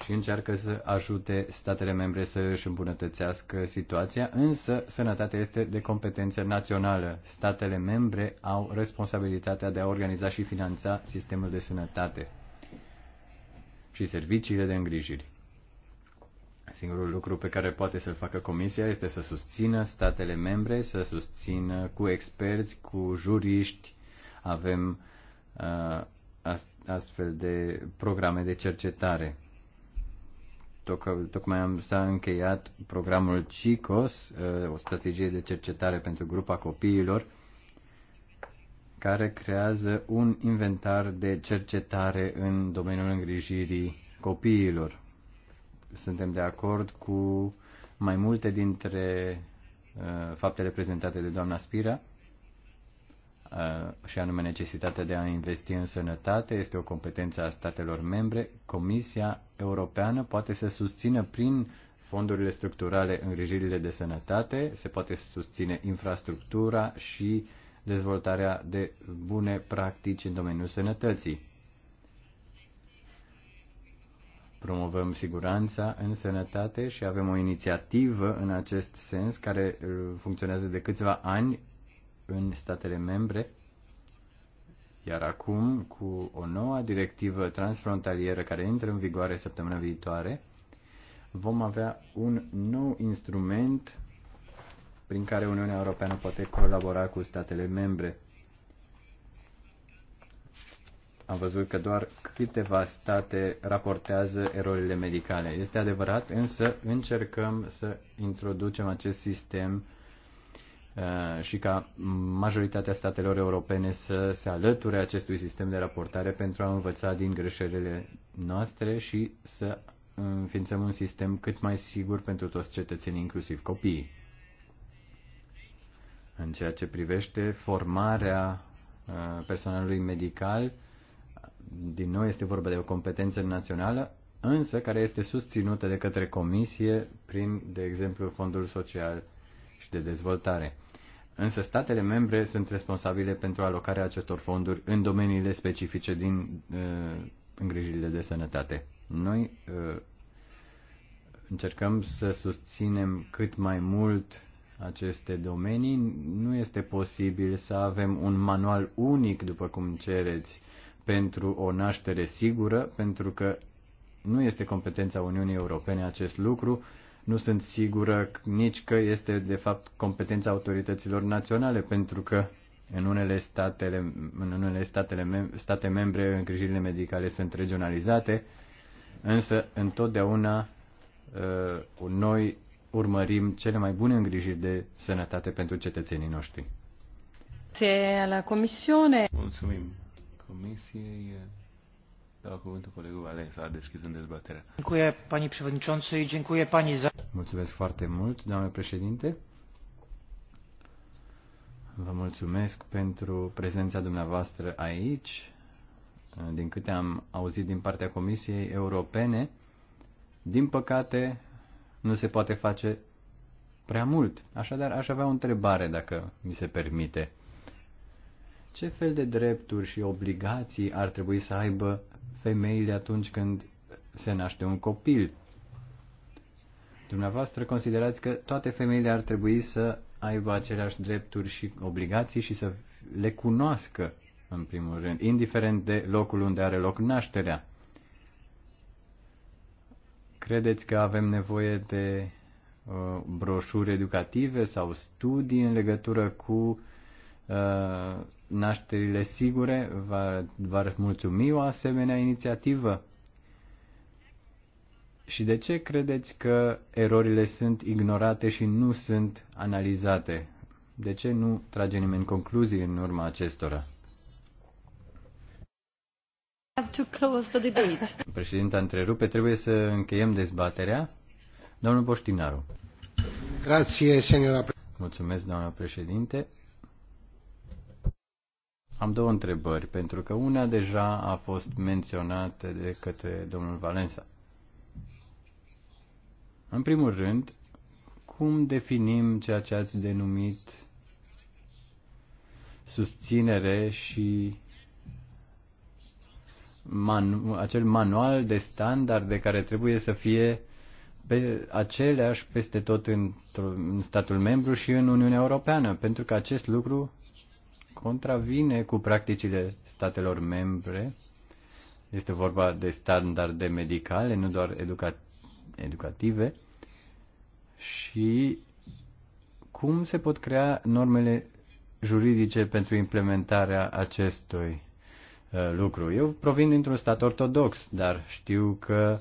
și încearcă să ajute statele membre să își îmbunătățească situația, însă sănătatea este de competență națională. Statele membre au responsabilitatea de a organiza și finanța sistemul de sănătate și serviciile de îngrijiri. Singurul lucru pe care poate să-l facă Comisia este să susțină statele membre, să susțină cu experți, cu juriști. Avem uh, astfel de programe de cercetare Tocmai am, s-a încheiat programul CICOS, uh, o strategie de cercetare pentru grupa copiilor, care creează un inventar de cercetare în domeniul îngrijirii copiilor. Suntem de acord cu mai multe dintre uh, faptele prezentate de doamna Spira, uh, și anume necesitatea de a investi în sănătate, este o competență a statelor membre. Comisia Europeană poate să susțină prin fondurile structurale îngrijirile de sănătate, se poate susține infrastructura și dezvoltarea de bune practici în domeniul sănătății. Promovăm siguranța în sănătate și avem o inițiativă în acest sens care uh, funcționează de câțiva ani în statele membre iar acum, cu o nouă directivă transfrontalieră care intră în vigoare săptămâna viitoare, vom avea un nou instrument prin care Uniunea Europeană poate colabora cu statele membre. Am văzut că doar câteva state raportează erorile medicale. Este adevărat, însă încercăm să introducem acest sistem Uh, și ca majoritatea statelor europene să se alăture acestui sistem de raportare pentru a învăța din greșelile noastre și să înființăm un sistem cât mai sigur pentru toți cetățenii, inclusiv copiii. În ceea ce privește formarea uh, personalului medical, din nou este vorba de o competență națională, însă care este susținută de către comisie prin, de exemplu, Fondul Social și de Dezvoltare însă statele membre sunt responsabile pentru alocarea acestor fonduri în domeniile specifice din uh, îngrijirile de sănătate. Noi uh, încercăm să susținem cât mai mult aceste domenii. Nu este posibil să avem un manual unic, după cum cereți, pentru o naștere sigură, pentru că nu este competența Uniunii Europene acest lucru nu sunt sigură nici că este de fapt competența autorităților naționale, pentru că în unele, statele, în unele statele state membre îngrijirile medicale sunt regionalizate, însă întotdeauna uh, noi urmărim cele mai bune îngrijiri de sănătate pentru cetățenii noștri. Se la comisiune. Mulțumim comisiei. La da, cuvântul colegul Valensa, deschizând dezbaterea. Dziękuję, pani przewodniczący, dziękuję pani za... Mulțumesc foarte mult, doamne președinte. Vă mulțumesc pentru prezența dumneavoastră aici. Din câte am auzit din partea Comisiei Europene, din păcate, nu se poate face prea mult. Așadar, aș avea o întrebare, dacă mi se permite. Ce fel de drepturi și obligații ar trebui să aibă femeile atunci când se naște un copil. Dumneavoastră considerați că toate femeile ar trebui să aibă aceleași drepturi și obligații și să le cunoască, în primul rând, indiferent de locul unde are loc nașterea. Credeți că avem nevoie de uh, broșuri educative sau studii în legătură cu uh, nașterile sigure, vă ar mulțumi o asemenea inițiativă? Și de ce credeți că erorile sunt ignorate și nu sunt analizate? De ce nu trage nimeni concluzii în urma acestora? Președinta întrerupe, trebuie să încheiem dezbaterea. Domnul Poștinaru. senora. Mulțumesc, doamna președinte. Am două întrebări, pentru că una deja a fost menționată de către domnul Valensa. În primul rând, cum definim ceea ce ați denumit susținere și manu- acel manual de de care trebuie să fie pe aceleași peste tot în, în statul membru și în Uniunea Europeană, pentru că acest lucru contravine cu practicile statelor membre. Este vorba de standarde medicale, nu doar educa- educative. Și cum se pot crea normele juridice pentru implementarea acestui uh, lucru. Eu provin dintr-un stat ortodox, dar știu că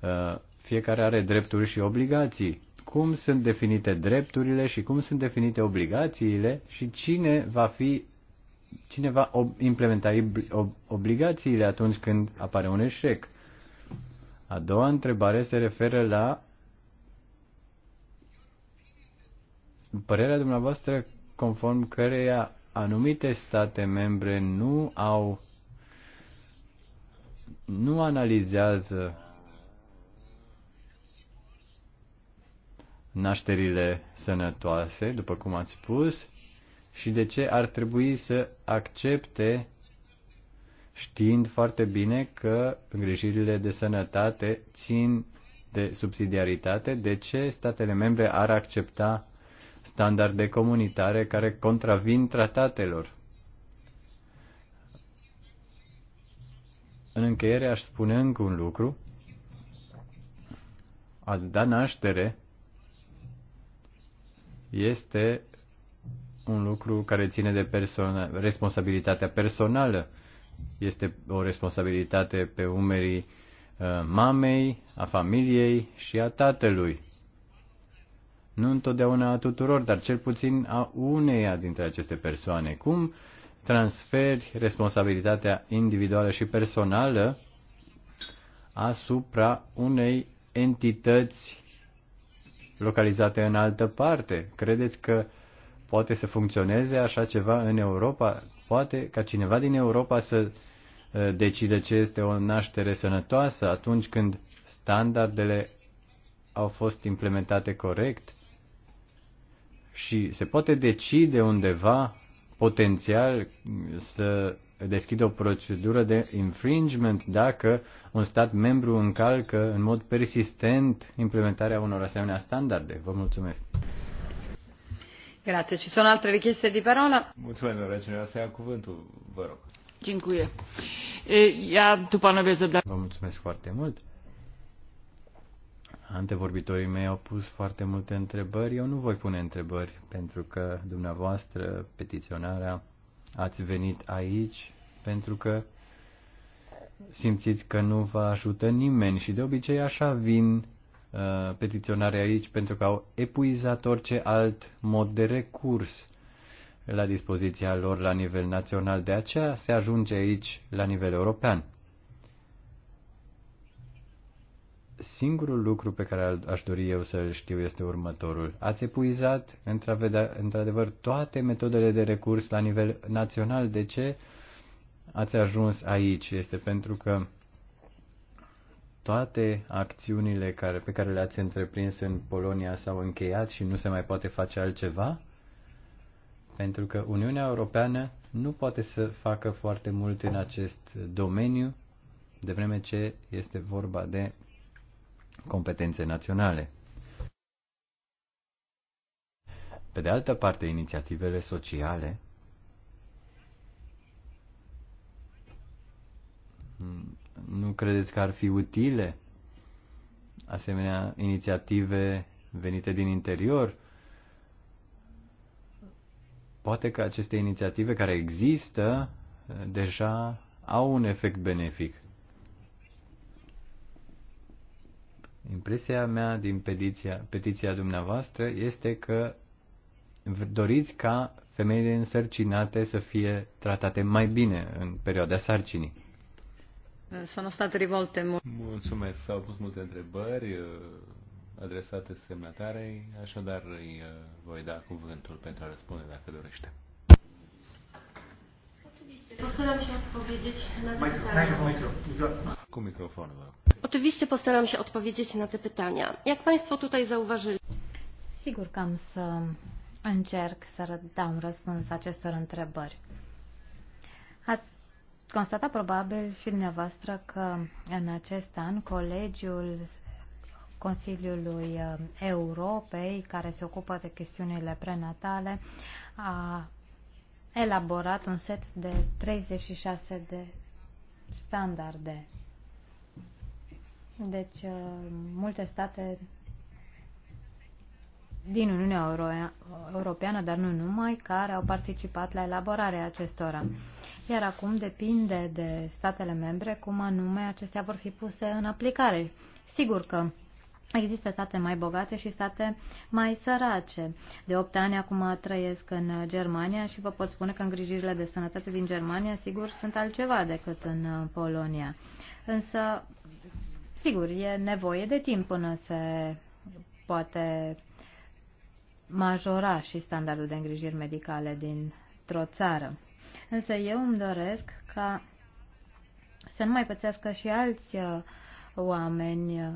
uh, fiecare are drepturi și obligații cum sunt definite drepturile și cum sunt definite obligațiile și cine va fi cine va implementa obligațiile atunci când apare un eșec. A doua întrebare se referă la părerea dumneavoastră conform căreia anumite state membre nu au nu analizează nașterile sănătoase, după cum ați spus, și de ce ar trebui să accepte știind foarte bine că îngrijirile de sănătate țin de subsidiaritate, de ce statele membre ar accepta standarde comunitare care contravin tratatelor. În încheiere aș spune încă un lucru. Ați da naștere este un lucru care ține de persona, responsabilitatea personală. Este o responsabilitate pe umerii uh, mamei, a familiei și a tatălui. Nu întotdeauna a tuturor, dar cel puțin a uneia dintre aceste persoane. Cum transferi responsabilitatea individuală și personală asupra unei entități localizate în altă parte. Credeți că poate să funcționeze așa ceva în Europa? Poate ca cineva din Europa să uh, decide ce este o naștere sănătoasă atunci când standardele au fost implementate corect? Și se poate decide undeva potențial să deschide o procedură de infringement dacă un stat membru încalcă în mod persistent implementarea unor asemenea standarde. Vă mulțumesc. Grazie. Ci sono altre richieste di parola? Mulțumesc, doamna Reginea. Să ia cuvântul, vă rog. Dziękuję. Ia tu panowie da. Vă mulțumesc foarte mult. Antevorbitorii mei au pus foarte multe întrebări. Eu nu voi pune întrebări pentru că dumneavoastră, petiționarea, ați venit aici pentru că simțiți că nu vă ajută nimeni și de obicei așa vin uh, petiționare aici pentru că au epuizat orice alt mod de recurs la dispoziția lor la nivel național. De aceea se ajunge aici la nivel european. Singurul lucru pe care aș dori eu să-l știu este următorul. Ați epuizat, într-adevăr, toate metodele de recurs la nivel național. De ce ați ajuns aici? Este pentru că toate acțiunile care, pe care le-ați întreprins în Polonia s-au încheiat și nu se mai poate face altceva? Pentru că Uniunea Europeană nu poate să facă foarte mult în acest domeniu, de vreme ce este vorba de competențe naționale. Pe de altă parte, inițiativele sociale nu credeți că ar fi utile asemenea inițiative venite din interior? Poate că aceste inițiative care există deja au un efect benefic. Impresia mea din petiția, petiția dumneavoastră este că doriți ca femeile însărcinate să fie tratate mai bine în perioada sarcinii. Sono state rivolte multe. Mulțumesc, s-au pus multe întrebări uh, adresate semnatarei, așadar îi uh, voi da cuvântul pentru a răspunde dacă dorește. Postaram się odpowiedzieć na te pytania. Ku mikrofonu. Oczywiście postaram się odpowiedzieć na te pytania. Jak Państwo tutaj zauważyli. Sigur că am să încerc să dau un răspuns acestor întrebări. Ați constatat probabil și dumneavoastră că în acest an colegiul Consiliului Europei, care se ocupă de chestiunile prenatale, a elaborat un set de 36 de standarde. Deci, uh, multe state din Uniunea Euro Europeană, dar nu numai, care au participat la elaborarea acestora. Iar acum depinde de statele membre cum anume acestea vor fi puse în aplicare. Sigur că Există state mai bogate și state mai sărace. De 8 ani acum trăiesc în Germania și vă pot spune că îngrijirile de sănătate din Germania, sigur, sunt altceva decât în uh, Polonia. Însă, sigur, e nevoie de timp până se poate majora și standardul de îngrijiri medicale dintr-o țară. Însă eu îmi doresc ca să nu mai pățească și alți uh, oameni uh,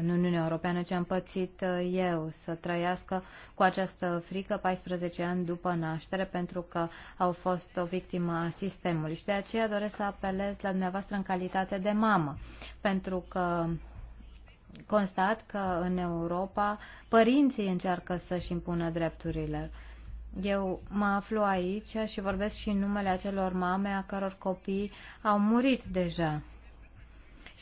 în Uniunea Europeană ce am pățit uh, eu, să trăiască cu această frică 14 ani după naștere pentru că au fost o victimă a sistemului. Și de aceea doresc să apelez la dumneavoastră în calitate de mamă, pentru că constat că în Europa părinții încearcă să-și impună drepturile. Eu mă aflu aici și vorbesc și în numele acelor mame a căror copii au murit deja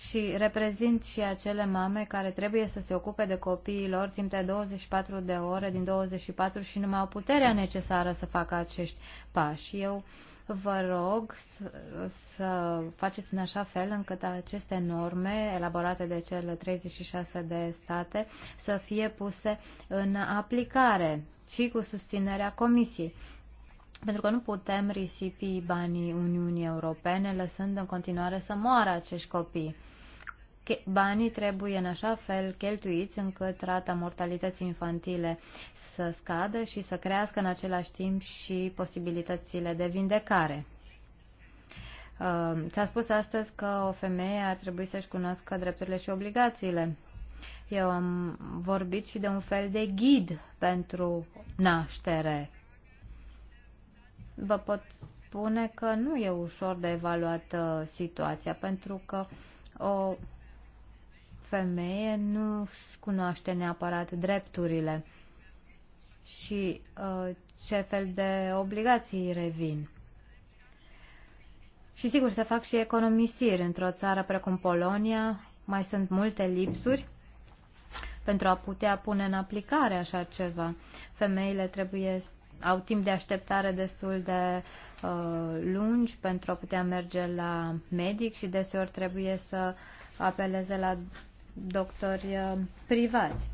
și reprezint și acele mame care trebuie să se ocupe de copiii lor timp de 24 de ore din 24 și nu mai au puterea necesară să facă acești pași. Eu vă rog să, să faceți în așa fel încât aceste norme elaborate de cele 36 de state să fie puse în aplicare și cu susținerea Comisiei pentru că nu putem risipi banii Uniunii Europene lăsând în continuare să moară acești copii. Banii trebuie în așa fel cheltuiți încât rata mortalității infantile să scadă și să crească în același timp și posibilitățile de vindecare. ți uh, a spus astăzi că o femeie ar trebui să-și cunoască drepturile și obligațiile. Eu am vorbit și de un fel de ghid pentru naștere vă pot spune că nu e ușor de evaluat uh, situația, pentru că o femeie nu își cunoaște neapărat drepturile și uh, ce fel de obligații revin. Și sigur, se fac și economisiri într-o țară precum Polonia, mai sunt multe lipsuri pentru a putea pune în aplicare așa ceva. Femeile trebuie au timp de așteptare destul de uh, lungi pentru a putea merge la medic și deseori trebuie să apeleze la doctori uh, privați.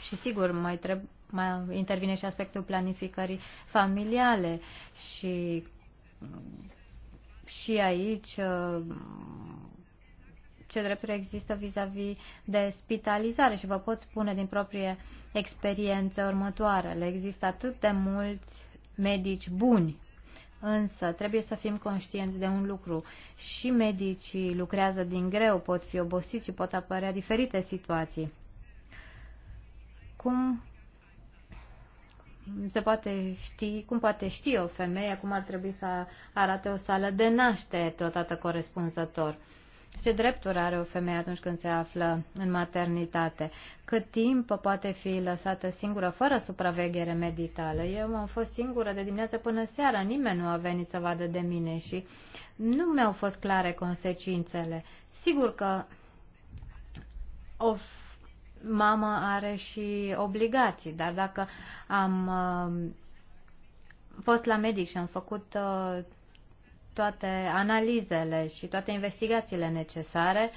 Și sigur, mai, treb- mai intervine și aspectul planificării familiale și și aici uh, ce drepturi există vis-a-vis -vis de spitalizare și vă pot spune din proprie experiență următoarele. Există atât de mulți medici buni, însă trebuie să fim conștienți de un lucru. Și medicii lucrează din greu, pot fi obosiți și pot apărea diferite situații. Cum se poate ști, cum poate ști o femeie cum ar trebui să arate o sală de naștere totată corespunzător ce drepturi are o femeie atunci când se află în maternitate, cât timp poate fi lăsată singură fără supraveghere medicală. Eu am fost singură de dimineață până seara, nimeni nu a venit să vadă de mine și nu mi-au fost clare consecințele. Sigur că o mamă are și obligații, dar dacă am uh, fost la medic și am făcut uh, toate analizele și toate investigațiile necesare,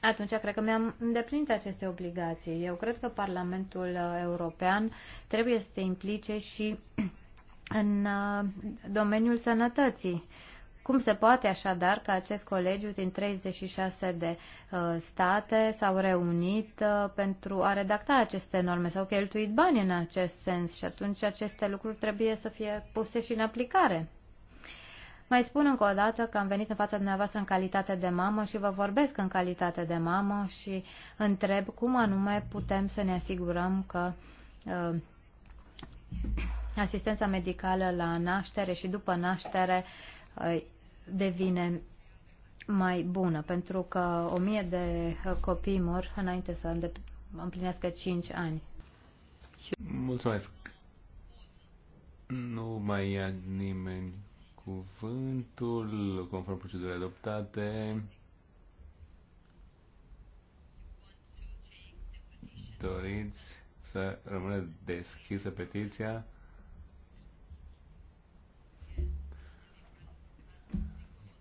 atunci cred că mi-am îndeplinit aceste obligații. Eu cred că Parlamentul European trebuie să se implice și în uh, domeniul sănătății. Cum se poate așadar că acest colegiu din 36 de uh, state s-au reunit uh, pentru a redacta aceste norme? S-au cheltuit bani în acest sens și atunci aceste lucruri trebuie să fie puse și în aplicare. Mai spun încă o dată că am venit în fața dumneavoastră în calitate de mamă și vă vorbesc în calitate de mamă și întreb cum anume putem să ne asigurăm că uh, asistența medicală la naștere și după naștere uh, devine mai bună, pentru că o mie de copii mor înainte să împlinească 5 ani. Mulțumesc. Nu mai ia nimeni cuvântul, conform procedurii adoptate. Doriți să rămână deschisă petiția?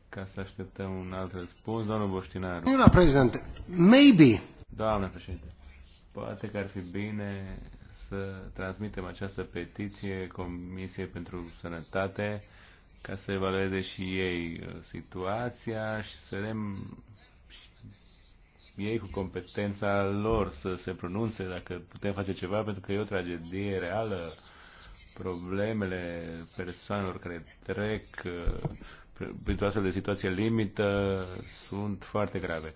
Ca să așteptăm un alt răspuns, domnul Boștinaru. Doamnă președinte, maybe. Doamne președinte, poate că ar fi bine să transmitem această petiție Comisiei pentru Sănătate ca să evalueze și ei uh, situația și să vedem ei cu competența lor să se pronunțe dacă putem face ceva, pentru că e o tragedie reală. Problemele persoanelor care trec uh, printr-o astfel de situație limită sunt foarte grave.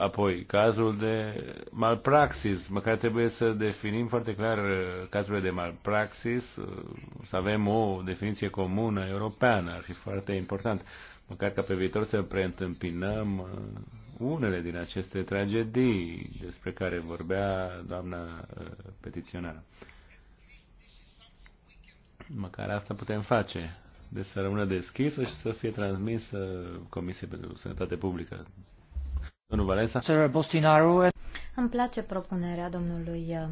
Apoi, cazul de malpraxis, măcar trebuie să definim foarte clar uh, cazurile de malpraxis, uh, să avem o definiție comună europeană, ar fi foarte important, măcar ca pe viitor să preîntâmpinăm uh, unele din aceste tragedii despre care vorbea doamna petiționară. Măcar asta putem face. Deci să rămână deschisă și să fie transmisă Comisiei pentru Sănătate Publică Domnul Valesa. Sir Bostinaru. Îmi place propunerea domnului uh,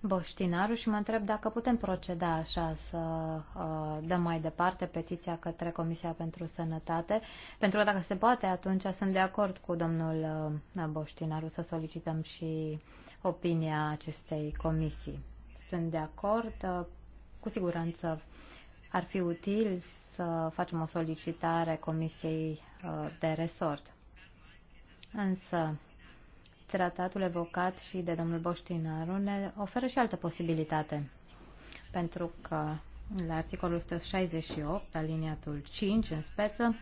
Boștinaru și mă întreb dacă putem proceda așa să uh, dăm mai departe petiția către Comisia pentru Sănătate, pentru că dacă se poate, atunci sunt de acord cu domnul uh, Boștinaru să solicităm și opinia acestei comisii. Sunt de acord, cu siguranță ar fi util să facem o solicitare Comisiei de Resort. Însă, tratatul evocat și de domnul Boștinaru ne oferă și altă posibilitate. Pentru că la articolul 168, aliniatul 5, în speță,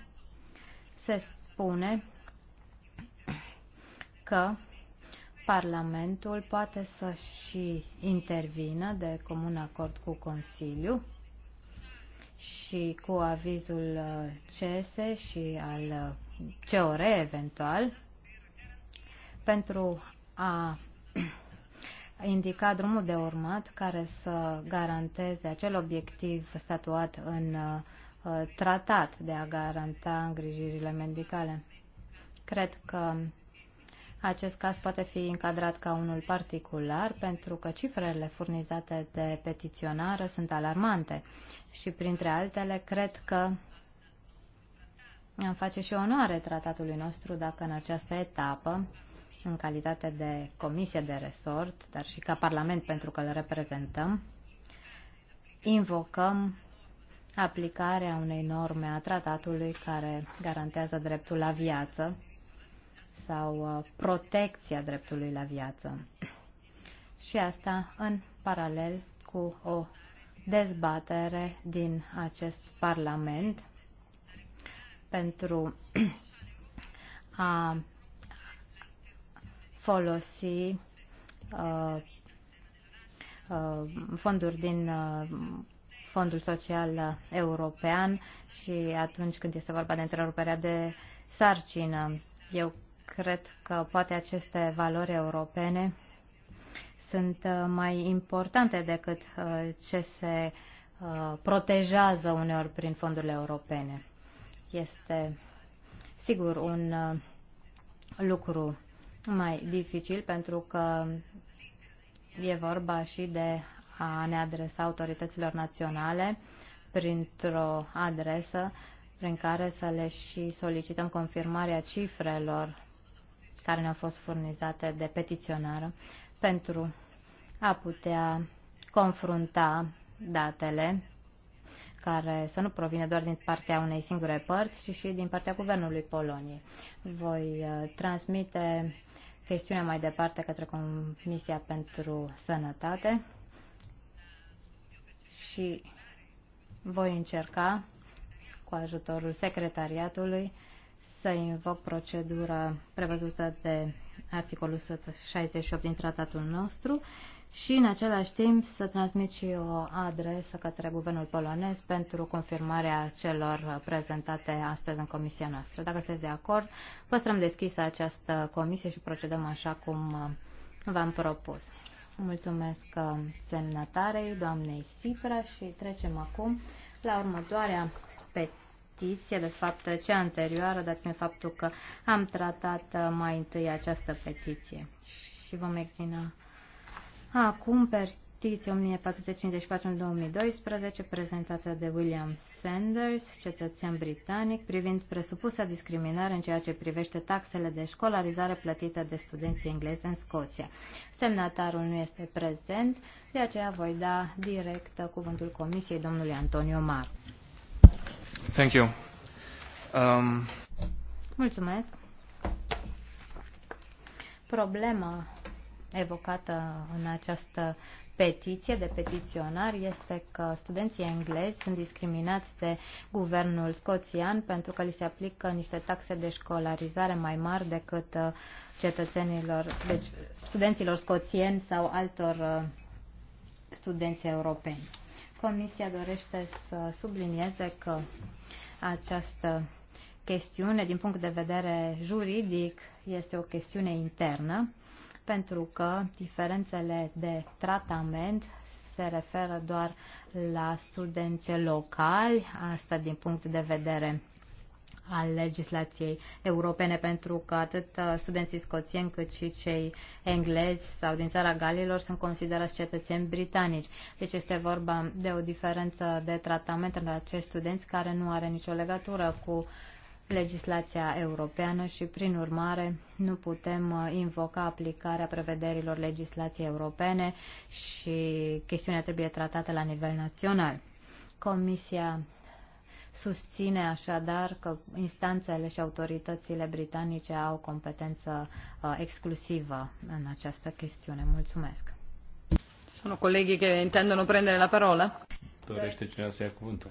se spune că Parlamentul poate să și intervină de comun acord cu Consiliu și cu avizul CESE și al COR eventual, pentru a indica drumul de urmat care să garanteze acel obiectiv statuat în uh, tratat de a garanta îngrijirile medicale. Cred că acest caz poate fi încadrat ca unul particular pentru că cifrele furnizate de petiționară sunt alarmante și, printre altele, cred că am face și onoare tratatului nostru dacă în această etapă în calitate de comisie de resort, dar și ca Parlament pentru că îl reprezentăm, invocăm aplicarea unei norme a tratatului care garantează dreptul la viață sau uh, protecția dreptului la viață. Și asta în paralel cu o dezbatere din acest Parlament pentru a folosi uh, uh, fonduri din uh, Fondul Social European și atunci când este vorba de întreruperea de sarcină. Eu cred că poate aceste valori europene sunt uh, mai importante decât uh, ce se uh, protejează uneori prin fondurile europene. Este, sigur, un lucru mai dificil pentru că e vorba și de a ne adresa autorităților naționale printr-o adresă prin care să le și solicităm confirmarea cifrelor care ne-au fost furnizate de petiționară pentru a putea confrunta datele care să nu provine doar din partea unei singure părți, ci și din partea guvernului Poloniei. Voi uh, transmite chestiunea mai departe către Comisia pentru Sănătate și voi încerca, cu ajutorul secretariatului, să invoc procedura prevăzută de articolul 168 din tratatul nostru și în același timp să transmit și o adresă către guvernul polonez pentru confirmarea celor prezentate astăzi în comisia noastră. Dacă sunteți de acord, păstrăm deschisă această comisie și procedăm așa cum uh, v-am propus. Mulțumesc uh, semnătarei, doamnei Sipra și trecem acum la următoarea petiție, de fapt cea anterioară, dat fiind faptul că am tratat uh, mai întâi această petiție și vom exina Acum, petiție 1454 2012, prezentată de William Sanders, cetățean britanic, privind presupusa discriminare în ceea ce privește taxele de școlarizare plătite de studenții englezi în Scoția. Semnatarul nu este prezent, de aceea voi da direct cuvântul comisiei domnului Antonio Mar. Thank you. Um... Mulțumesc. Problema evocată în această petiție de petiționar este că studenții englezi sunt discriminați de guvernul scoțian pentru că li se aplică niște taxe de școlarizare mai mari decât uh, cetățenilor, deci studenților scoțieni sau altor uh, studenți europeni. Comisia dorește să sublinieze că această chestiune, din punct de vedere juridic, este o chestiune internă pentru că diferențele de tratament se referă doar la studenți locali, asta din punct de vedere al legislației europene, pentru că atât studenții scoțieni cât și cei englezi sau din țara Galilor sunt considerați cetățeni britanici. Deci este vorba de o diferență de tratament între acești studenți care nu are nicio legătură cu legislația europeană și, prin urmare, nu putem uh, invoca aplicarea prevederilor legislației europene și chestiunea trebuie tratată la nivel național. Comisia susține așadar că instanțele și autoritățile britanice au competență uh, exclusivă în această chestiune. Mulțumesc. Sono colegii care intendono prendere la parola? Dorește cineva să ia cuvântul?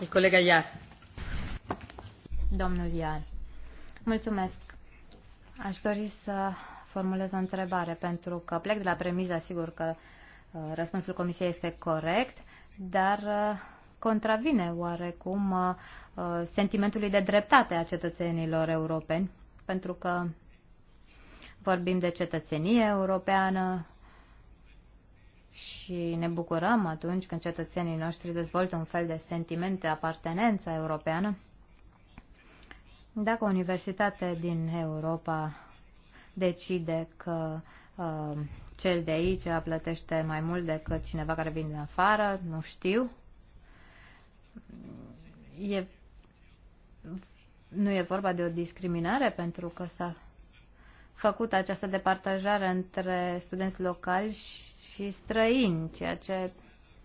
Il collega Iar. Domnul Iar. Mulțumesc. Aș dori să formulez o întrebare, pentru că plec de la premiza, sigur că uh, răspunsul Comisiei este corect, dar uh, contravine oarecum uh, sentimentului de dreptate a cetățenilor europeni, pentru că vorbim de cetățenie europeană și ne bucurăm atunci când cetățenii noștri dezvoltă un fel de sentiment de apartenență europeană. Dacă o universitate din Europa decide că uh, cel de aici plătește mai mult decât cineva care vine din afară, nu știu. E, nu e vorba de o discriminare pentru că s-a făcut această departajare între studenți locali și străini, ceea ce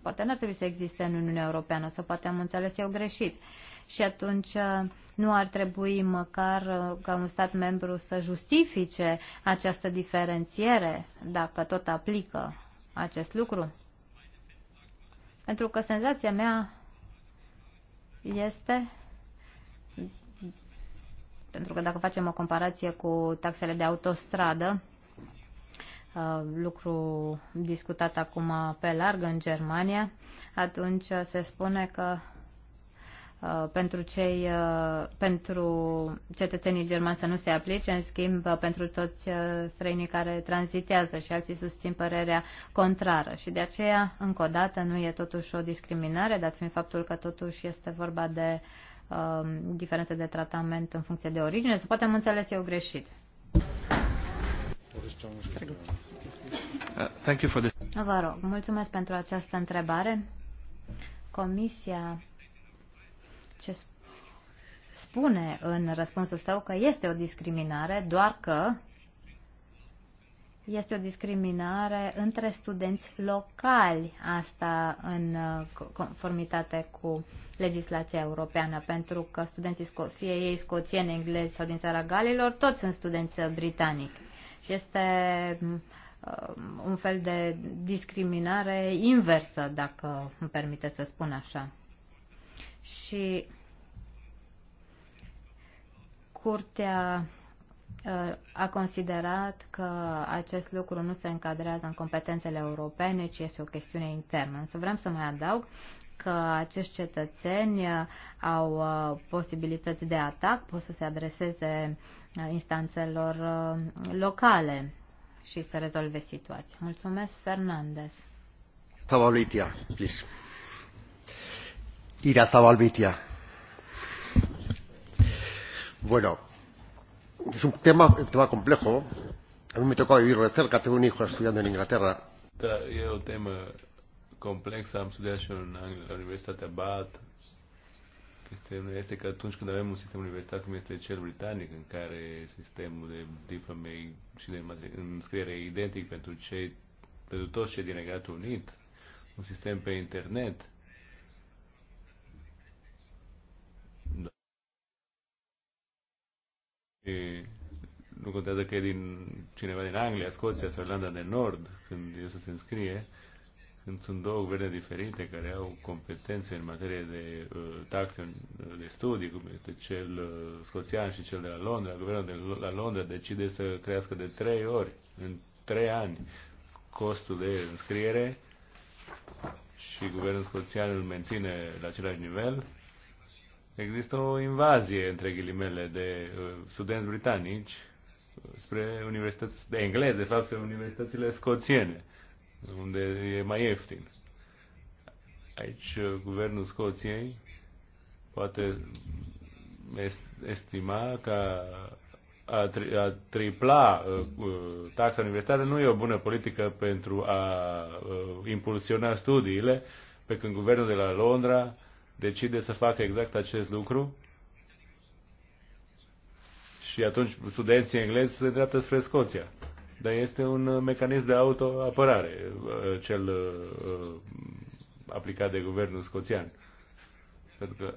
poate n-ar trebui să existe în Uniunea Europeană, sau poate am înțeles eu greșit. Uh, și atunci uh, nu ar trebui măcar uh, ca un stat membru să justifice această diferențiere dacă tot aplică acest lucru? Pentru că senzația mea este pentru că dacă facem o comparație cu taxele de autostradă, uh, lucru discutat acum pe larg în Germania, atunci se spune că Uh, pentru, cei, uh, pentru cetățenii germani să nu se aplice, în schimb uh, pentru toți străinii care tranzitează și alții susțin părerea contrară. Și de aceea, încă o dată, nu e totuși o discriminare, dat fiind faptul că totuși este vorba de uh, um, diferențe de tratament în funcție de origine, să poate am înțeles eu greșit. Vă rog, mulțumesc pentru această întrebare. Comisia ce spune în răspunsul său că este o discriminare, doar că este o discriminare între studenți locali, asta în uh, conformitate cu legislația europeană, pentru că studenții, fie ei scoțieni, englezi sau din țara Galilor, toți sunt studenți britanici. Și este mm, uh, un fel de discriminare inversă, dacă îmi permiteți să spun așa și curtea uh, a considerat că acest lucru nu se încadrează în competențele europene, ci este o chestiune internă. Însă vreau să mai adaug că acești cetățeni uh, au uh, posibilități de atac, pot să se adreseze instanțelor locale și să rezolve situația. Mulțumesc, Fernandez. Favolitia, please. Irazabalbitia. Bueno, es un tema, un tema complejo. A mí me tocó vivirlo de cerca. Tengo un hijo estudiando en Inglaterra. Y da, e tema temă complexă. Am studiat și în Universitatea Bath. Chestiunea este că atunci când avem un sistem universitar cum este cel britanic, în care sistemul de diplome și de înscriere e identic pentru, cei, pentru toți cei din Regatul Unit, un sistem pe internet, Și nu contează că e din cineva din Anglia, Scoția sau Irlanda de Nord, când el să se înscrie, când sunt două guverne diferite care au competențe în materie de uh, taxe uh, de studii, cum este cel uh, scoțian și cel de la Londra. Guvernul de la Londra decide să crească de trei ori, în trei ani, costul de înscriere și guvernul scoțian îl menține la același nivel există o invazie, între ghilimele, de uh, studenți britanici uh, spre universități de englez, de fapt, spre universitățile scoțiene, unde e mai ieftin. Aici, uh, guvernul Scoției poate estima că a, tri, a tripla uh, uh, taxa universitară nu e o bună politică pentru a uh, impulsiona studiile, pe când guvernul de la Londra decide să facă exact acest lucru și atunci studenții englezi se îndreaptă spre Scoția. Dar este un uh, mecanism de autoapărare, uh, cel uh, aplicat de guvernul scoțian. Pentru că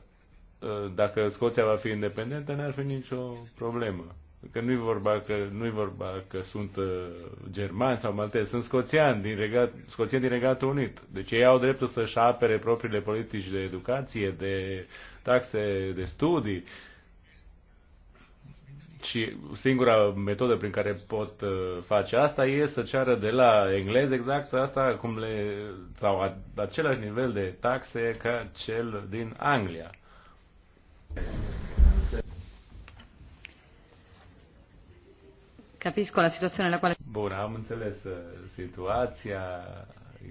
dacă Scoția va fi independentă, n-ar fi nicio problemă că nu-i vorba că, nu vorba că sunt uh, germani sau maltezi, sunt scoțiani din, regat, scoțiani din Regatul Unit. Deci ei au dreptul să-și apere propriile politici de educație, de taxe, de studii. Și singura metodă prin care pot uh, face asta e să ceară de la englez exact asta cum le, sau a, același nivel de taxe ca cel din Anglia. Capisco la situație la care... Bun, am înțeles uh, situația,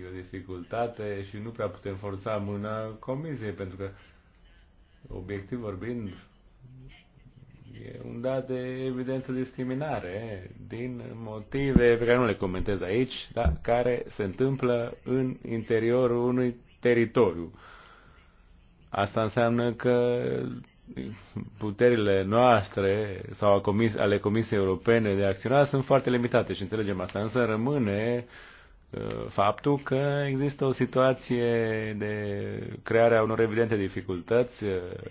e o dificultate și nu prea putem forța mâna comisiei, pentru că, obiectiv vorbind, e un dat de evidentă discriminare eh, din motive pe care nu le comentez aici, dar care se întâmplă în interiorul unui teritoriu. Asta înseamnă că puterile noastre sau comis, ale Comisiei Europene de a acționa sunt foarte limitate și înțelegem asta, însă rămâne uh, faptul că există o situație de crearea unor evidente dificultăți uh,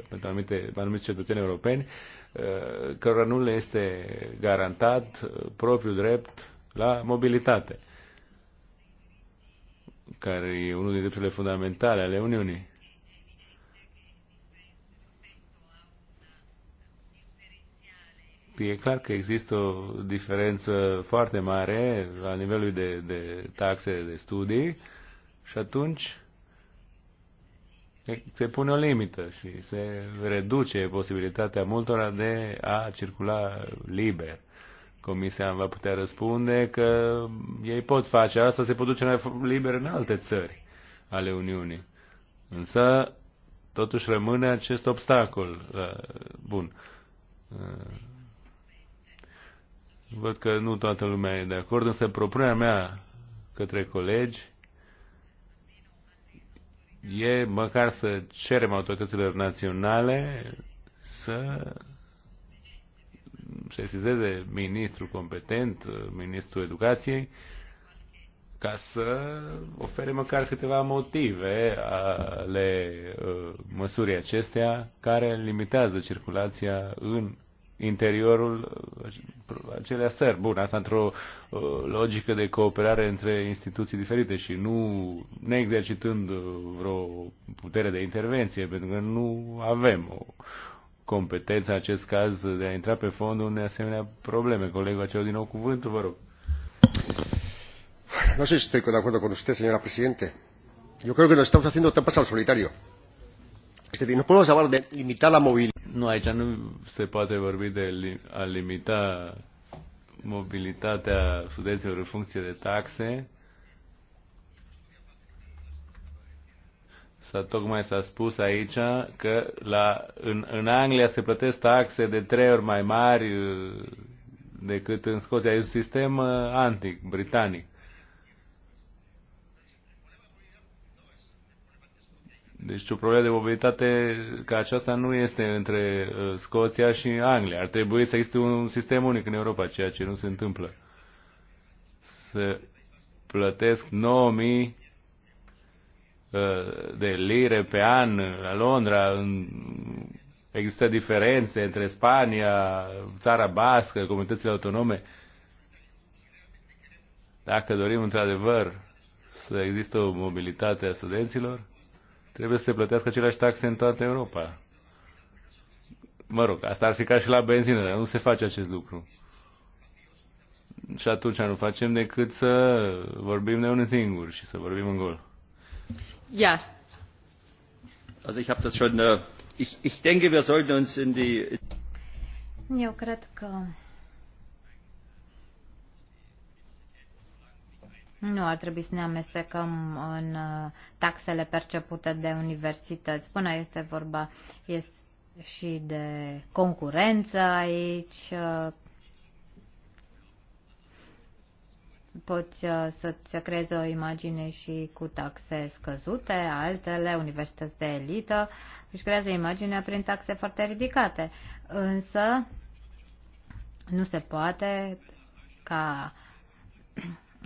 pentru anumite, anumite cetățeni europeni uh, cărora nu le este garantat propriul drept la mobilitate, care e unul dintre drepturile fundamentale ale Uniunii. e clar că există o diferență foarte mare la nivelul de, de taxe de studii și atunci se pune o limită și se reduce posibilitatea multora de a circula liber. Comisia va putea răspunde că ei pot face asta, se pot duce mai liber în alte țări ale Uniunii. Însă, totuși rămâne acest obstacol. Uh, bun. Uh, Văd că nu toată lumea e de acord, însă propunerea mea către colegi e măcar să cerem autorităților naționale să sesizeze ministrul competent, ministrul educației, ca să ofere măcar câteva motive ale uh, măsurii acestea care limitează circulația în interiorul acelea țări. Bun, asta într-o uh, logică de cooperare între instituții diferite și nu ne exercitând uh, vreo putere de intervenție, pentru că nu avem o competență în acest caz de a intra pe fondul unei asemenea probleme. Colegul acel din nou cuvântul, vă rog. No sé si estoy de acuerdo con usted, señora Presidente. Yo creo que nos estamos haciendo trampas al solitario. Es decir, no podemos hablar de limitar la movilidad. Nu, aici nu se poate vorbi de a limita mobilitatea studenților în funcție de taxe. S-a, tocmai s-a spus aici că la, în, în Anglia se plătesc taxe de trei ori mai mari uh, decât în Scoția. E un sistem uh, antic, britanic. Deci o problemă de mobilitate ca aceasta nu este între uh, Scoția și Anglia. Ar trebui să existe un sistem unic în Europa, ceea ce nu se întâmplă. Să plătesc 9.000 uh, de lire pe an la Londra, există diferențe între Spania, țara bască, comunitățile autonome. Dacă dorim într-adevăr să există o mobilitate a studenților, trebuie să se plătească aceleași taxe în toată Europa. Mă rog, asta ar fi ca și la benzină, dar nu se face acest lucru. Și atunci nu facem decât să vorbim de unul singur și să vorbim în gol. Ja. Also ich habe das schon äh, ich ich denke wir sollten uns in die Eu cred că Nu ar trebui să ne amestecăm în uh, taxele percepute de universități. Până este vorba este și de concurență aici. Uh, poți uh, să-ți creezi o imagine și cu taxe scăzute, altele, universități de elită, își creează imaginea prin taxe foarte ridicate. Însă nu se poate ca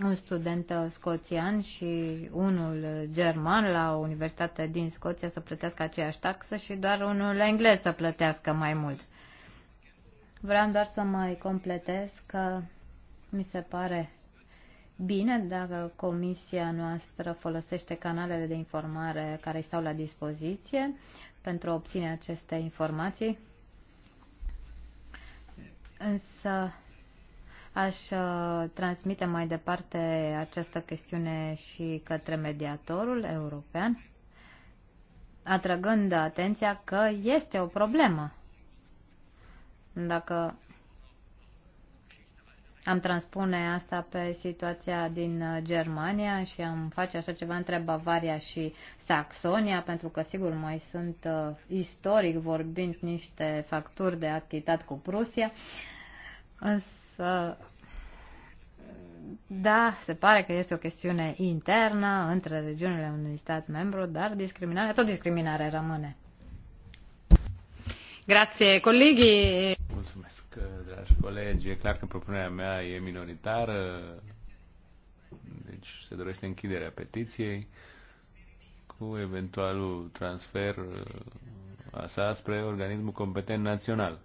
un student scoțian și unul german la o universitate din Scoția să plătească aceeași taxă și doar unul englez să plătească mai mult. Vreau doar să mai completez că mi se pare bine dacă comisia noastră folosește canalele de informare care îi stau la dispoziție pentru a obține aceste informații. Însă Aș uh, transmite mai departe această chestiune și către mediatorul european, atrăgând atenția că este o problemă. Dacă am transpune asta pe situația din uh, Germania și am face așa ceva între Bavaria și Saxonia, pentru că sigur mai sunt uh, istoric vorbind niște facturi de achitat cu Prusia. Însă Însă, da, se pare că este o chestiune internă între regiunile unui stat membru, dar discriminarea, tot discriminarea rămâne. Grazie, colegi. Mulțumesc, dragi colegi. E clar că propunerea mea e minoritară, deci se dorește închiderea petiției cu eventualul transfer uh, a sa spre organismul competent național.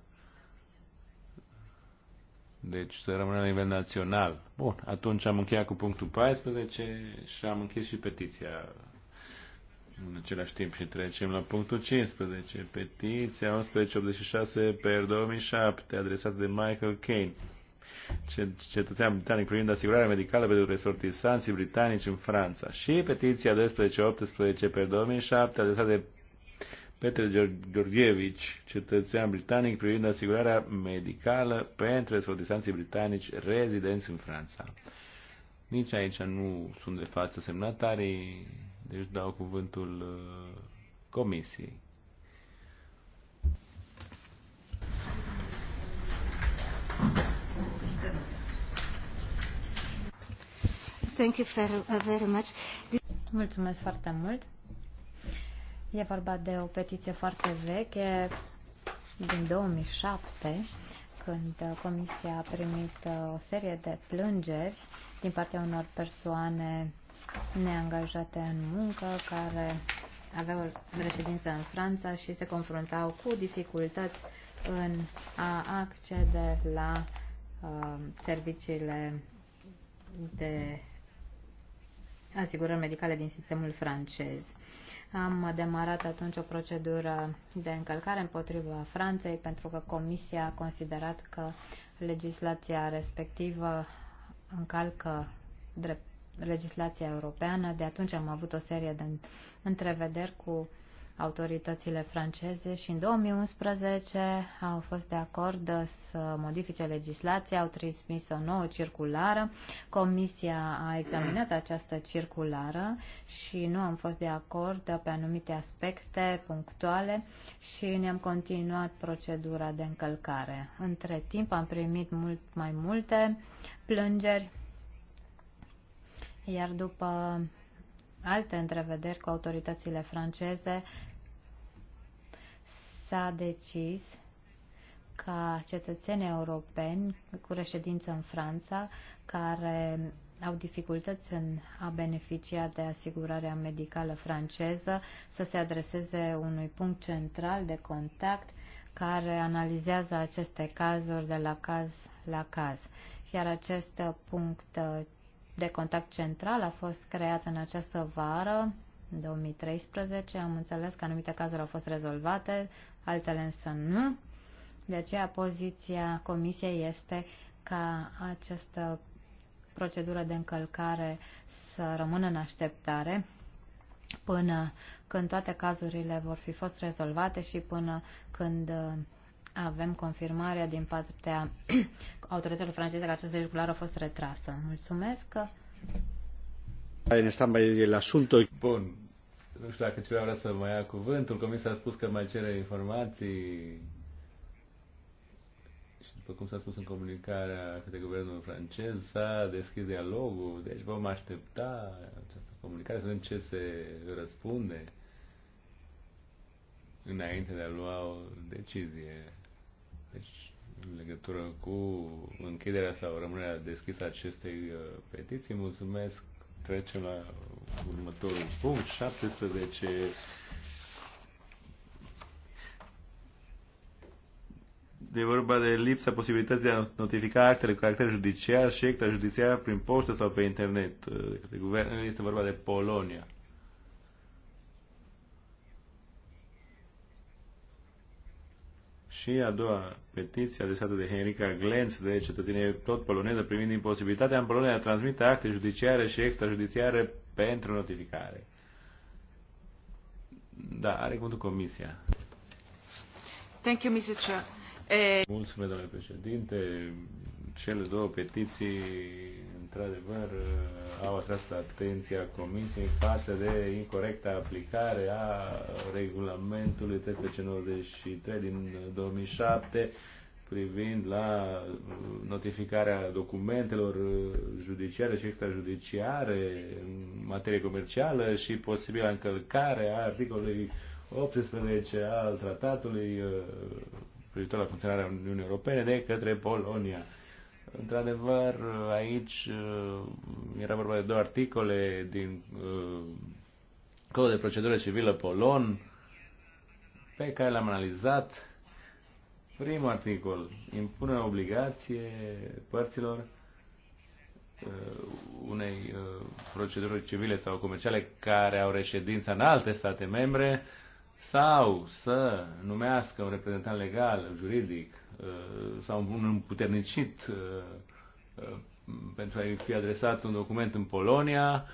Deci să rămână la nivel național. Bun, atunci am încheiat cu punctul 14 și am închis și petiția în același timp și trecem la punctul 15. Petiția 1186 per 2007 adresată de Michael Kane cetățean britanic privind asigurarea medicală pentru resortisanții britanici în Franța și petiția 1218 pe 2007 adresată de Petre Georgievici, cetățean britanic, privind asigurarea medicală pentru soldisanții britanici rezidenți în Franța. Nici aici nu sunt de față semnatarii, deci dau cuvântul uh, comisiei. Thank you uh, very much. Mulțumesc foarte mult. E vorba de o petiție foarte veche din 2007, când Comisia a primit uh, o serie de plângeri din partea unor persoane neangajate în muncă, care aveau reședință în Franța și se confruntau cu dificultăți în a accede la uh, serviciile de asigurări medicale din sistemul francez. Uh, am demarat atunci o procedură de încălcare împotriva Franței pentru că Comisia a considerat că legislația respectivă încalcă drept legislația europeană. De atunci am avut o serie de întrevederi cu autoritățile franceze și în 2011 au fost de acord să modifice legislația, au transmis o nouă circulară. Comisia a examinat această circulară și nu am fost de acord pe anumite aspecte punctuale și ne-am continuat procedura de încălcare. Între timp am primit mult mai multe plângeri, iar după alte întrevederi cu autoritățile franceze, s-a decis ca cetățenii europeni cu reședință în Franța, care au dificultăți în a beneficia de asigurarea medicală franceză, să se adreseze unui punct central de contact care analizează aceste cazuri de la caz la caz. Iar acest punct de contact central a fost creat în această vară, în 2013. Am înțeles că anumite cazuri au fost rezolvate, altele însă nu. De aceea poziția Comisiei este ca această procedură de încălcare să rămână în așteptare până când toate cazurile vor fi fost rezolvate și până când uh, avem confirmarea din partea autorităților franceze că această circulară a fost retrasă. Mulțumesc În Bun. Nu știu dacă cineva vrea să mai ia cuvântul. Comisia a spus că mai cere informații și după cum s-a spus în comunicarea către guvernul francez, s-a deschis dialogul, deci vom aștepta această comunicare, să vedem ce se răspunde înainte de a lua o decizie deci, în legătură cu închiderea sau rămânerea deschisă a acestei uh, petiții, mulțumesc. Trecem la următorul punct, 17. De vorba de lipsa posibilității de a notifica actele cu caracter judiciar și extrajudiciar prin poștă sau pe internet. Uh, este vorba de Polonia. Și a doua petiție adresată de Henrica Glenz, de cetățenie tot poloneză, privind imposibilitatea în Polonia de a transmite acte judiciare și extrajudiciare pentru notificare. Da, are cuvântul Comisia. Thank you, Mr. Chair. Mulțumesc, domnule președinte cele două petiții, într-adevăr, au atras atenția Comisiei față de incorrecta aplicare a regulamentului TP-93 din 2007 privind la notificarea documentelor judiciare și extrajudiciare în materie comercială și posibilă încălcare a articolului 18 al tratatului uh, privitor la funcționarea Uniunii Europene de către Polonia. Într-adevăr, aici uh, era vorba de două articole din uh, Codul de Procedură Civilă Polon pe care l-am analizat. Primul articol impune obligație părților uh, unei proceduri civile sau comerciale care au reședința în alte state membre sau să numească un reprezentant legal, juridic, Uh, sau un împuternicit uh, uh, pentru a fi adresat un document în Polonia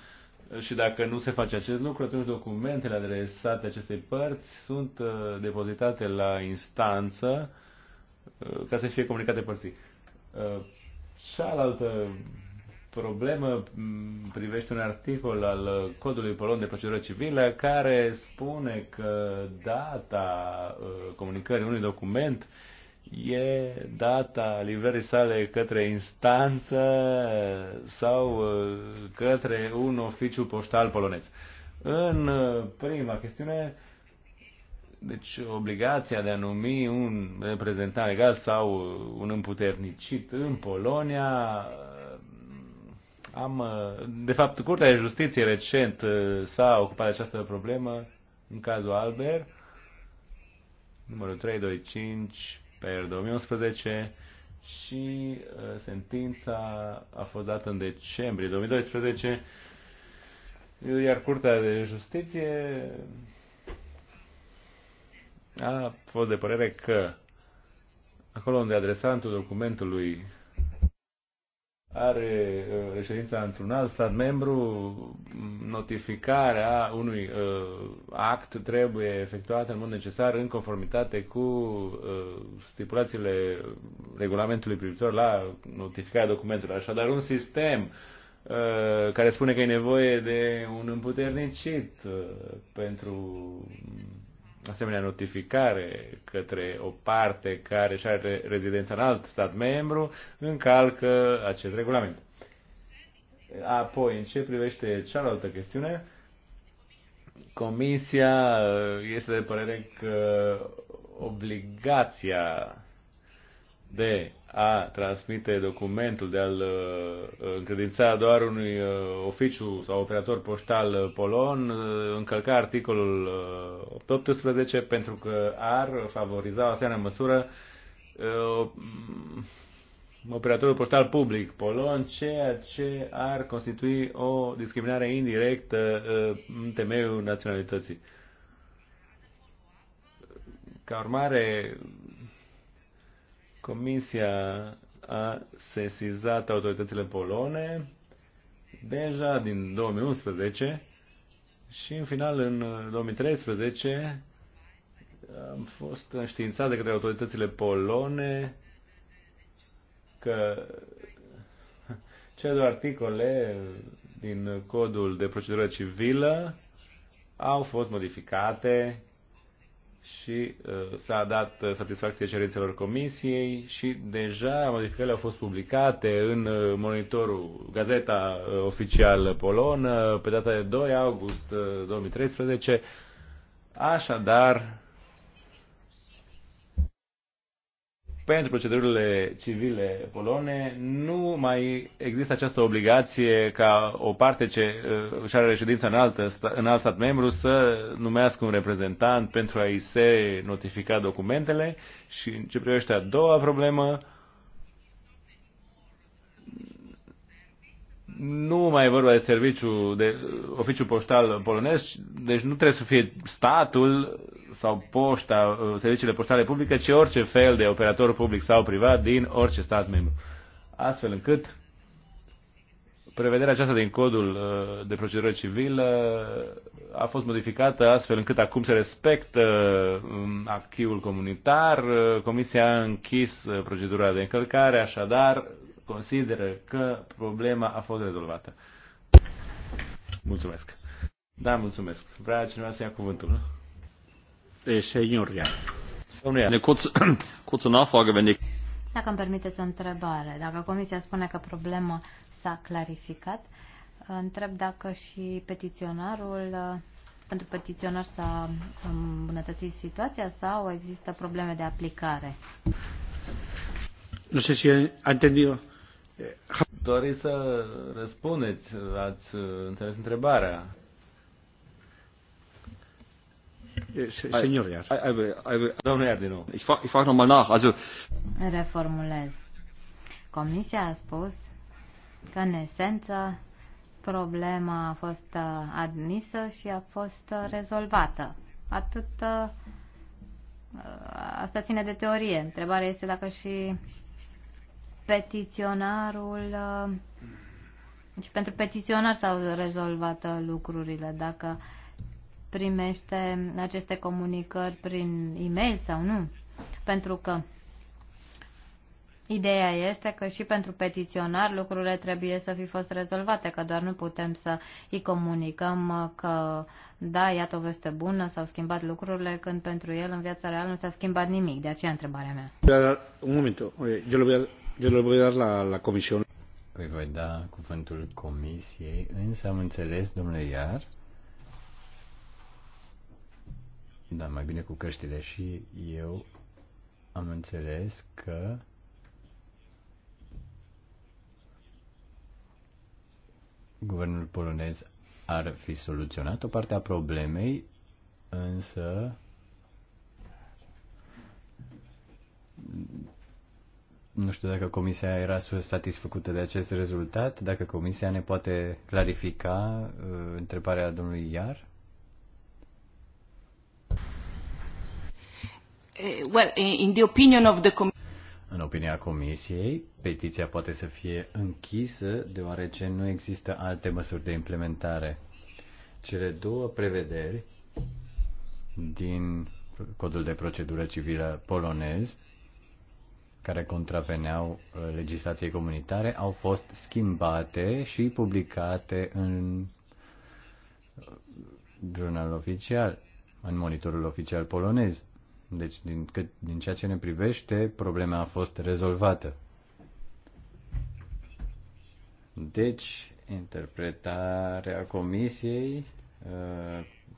și dacă nu se face acest lucru, atunci documentele adresate acestei părți sunt depozitate la instanță ca să fie comunicate părții. Cealaltă problemă mm, privește un articol al Codului Polon de Procedură Civilă care spune că data comunicării unui document uh, e data livrării sale către instanță sau uh, către un oficiu poștal polonez. În uh, prima chestiune, deci obligația de a numi un reprezentant legal sau uh, un împuternicit în Polonia am, de fapt, Curtea de Justiție recent s-a ocupat de această problemă în cazul Albert, numărul 325 per 2011 și uh, sentința a fost dată în decembrie 2012, iar Curtea de Justiție a fost de părere că acolo unde adresantul documentului are uh, reședința într-un alt stat membru, notificarea unui uh, act trebuie efectuată în mod necesar în conformitate cu uh, stipulațiile regulamentului privitor la notificarea documentelor. Așadar, un sistem uh, care spune că e nevoie de un împuternicit uh, pentru asemenea notificare către o parte care și are rezidența în alt stat membru, încalcă acest regulament. Apoi, în ce privește cealaltă chestiune, Comisia este de părere că obligația de a transmite documentul, de a-l uh, încredința doar unui uh, oficiu sau operator poștal uh, polon, încălca articolul 18 pentru că ar favoriza o asemenea măsură operatorul poștal public polon, ceea ce ar constitui o discriminare indirectă în temeiul naționalității. Ca urmare, Comisia a sesizat autoritățile polone deja din 2011 și în final în 2013 am fost înștiințat de către autoritățile polone că cele două articole din codul de procedură civilă au fost modificate și uh, s-a dat uh, satisfacție cerințelor comisiei și deja modificările au fost publicate în uh, monitorul Gazeta uh, Oficială Polonă pe data de 2 august uh, 2013. Așadar, pentru procedurile civile polone nu mai există această obligație ca o parte ce uh, își are reședința în, altă, în alt stat membru să numească un reprezentant pentru a-i se notifica documentele și în ce privește a doua problemă, nu mai e vorba de serviciu, de oficiu poștal polonez, deci nu trebuie să fie statul sau poșta, serviciile poștale publice, ci orice fel de operator public sau privat din orice stat membru. Astfel încât prevederea aceasta din codul uh, de procedură civilă a fost modificată astfel încât acum se respectă um, acquis comunitar. Uh, Comisia a închis uh, procedura de încălcare, așadar consideră că problema a fost rezolvată. Mulțumesc. Da, mulțumesc. Vrea cineva să ia cuvântul? Eh, Senior Ian. Dacă îmi permiteți o întrebare, dacă Comisia spune că problema s-a clarificat, întreb dacă și petiționarul, pentru petiționar s-a îmbunătățit situația sau există probleme de aplicare. Nu știu ce a înțeles? Doriți să răspundeți, ați înțeles întrebarea. Eh, Senior Iar. Domnul Iar din nou. Ich frage, ich nochmal nach. Also... Reformulez. Comisia a spus că în esență problema a fost uh, admisă și a fost uh, rezolvată. Atât uh, asta ține de teorie. Întrebarea este dacă și petiționarul și uh, deci pentru petiționar s-au rezolvat uh, lucrurile, dacă primește aceste comunicări prin e-mail sau nu. Pentru că Ideea este că și pentru petiționar lucrurile trebuie să fi fost rezolvate, că doar nu putem să îi comunicăm că da, iată o veste bună, s-au schimbat lucrurile, când pentru el în viața reală nu s-a schimbat nimic. De aceea întrebarea mea. Un moment, eu eu le voi da la, la comisiune. Păi voi da cuvântul comisiei, însă am înțeles, domnule Iar, da, mai bine cu căștile și eu am înțeles că guvernul polonez ar fi soluționat o parte a problemei, însă nu știu dacă comisia era satisfăcută de acest rezultat, dacă comisia ne poate clarifica uh, întrebarea domnului Iar. Eh, well, in the opinion of the în opinia comisiei, petiția poate să fie închisă deoarece nu există alte măsuri de implementare. Cele două prevederi din codul de procedură civilă polonez care contraveneau uh, legislației comunitare au fost schimbate și publicate în uh, jurnal oficial, în monitorul oficial polonez. Deci, din, cât, din ceea ce ne privește, problema a fost rezolvată. Deci, interpretarea comisiei, uh,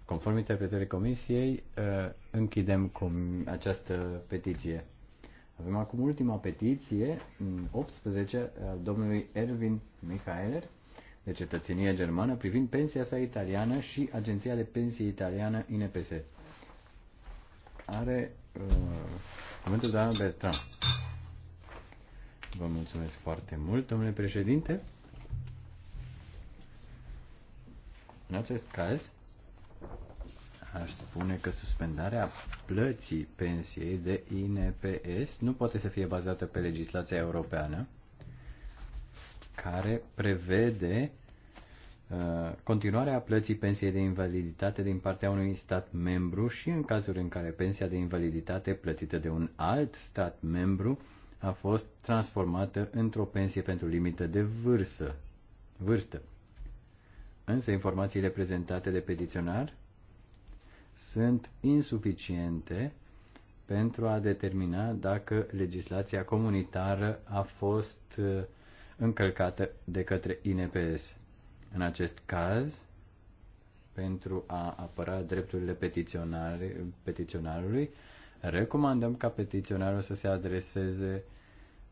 conform interpretării comisiei, închidem această petiție. Avem acum ultima petiție, 18, al domnului Erwin Michaeler, de cetățenie germană, privind pensia sa italiană și Agenția de Pensii Italiană INPS. Are uh, cuvântul doamna Bertrand. Vă mulțumesc foarte mult, domnule președinte. În acest caz, aș spune că suspendarea plății pensiei de INPS nu poate să fie bazată pe legislația europeană, care prevede uh, continuarea plății pensiei de invaliditate din partea unui stat membru și în cazuri în care pensia de invaliditate plătită de un alt stat membru a fost transformată într-o pensie pentru limită de vârstă. vârstă. Însă informațiile prezentate de petiționar sunt insuficiente pentru a determina dacă legislația comunitară a fost uh, încălcată de către INPS. În acest caz, pentru a apăra drepturile petiționarului, recomandăm ca petiționarul să se adreseze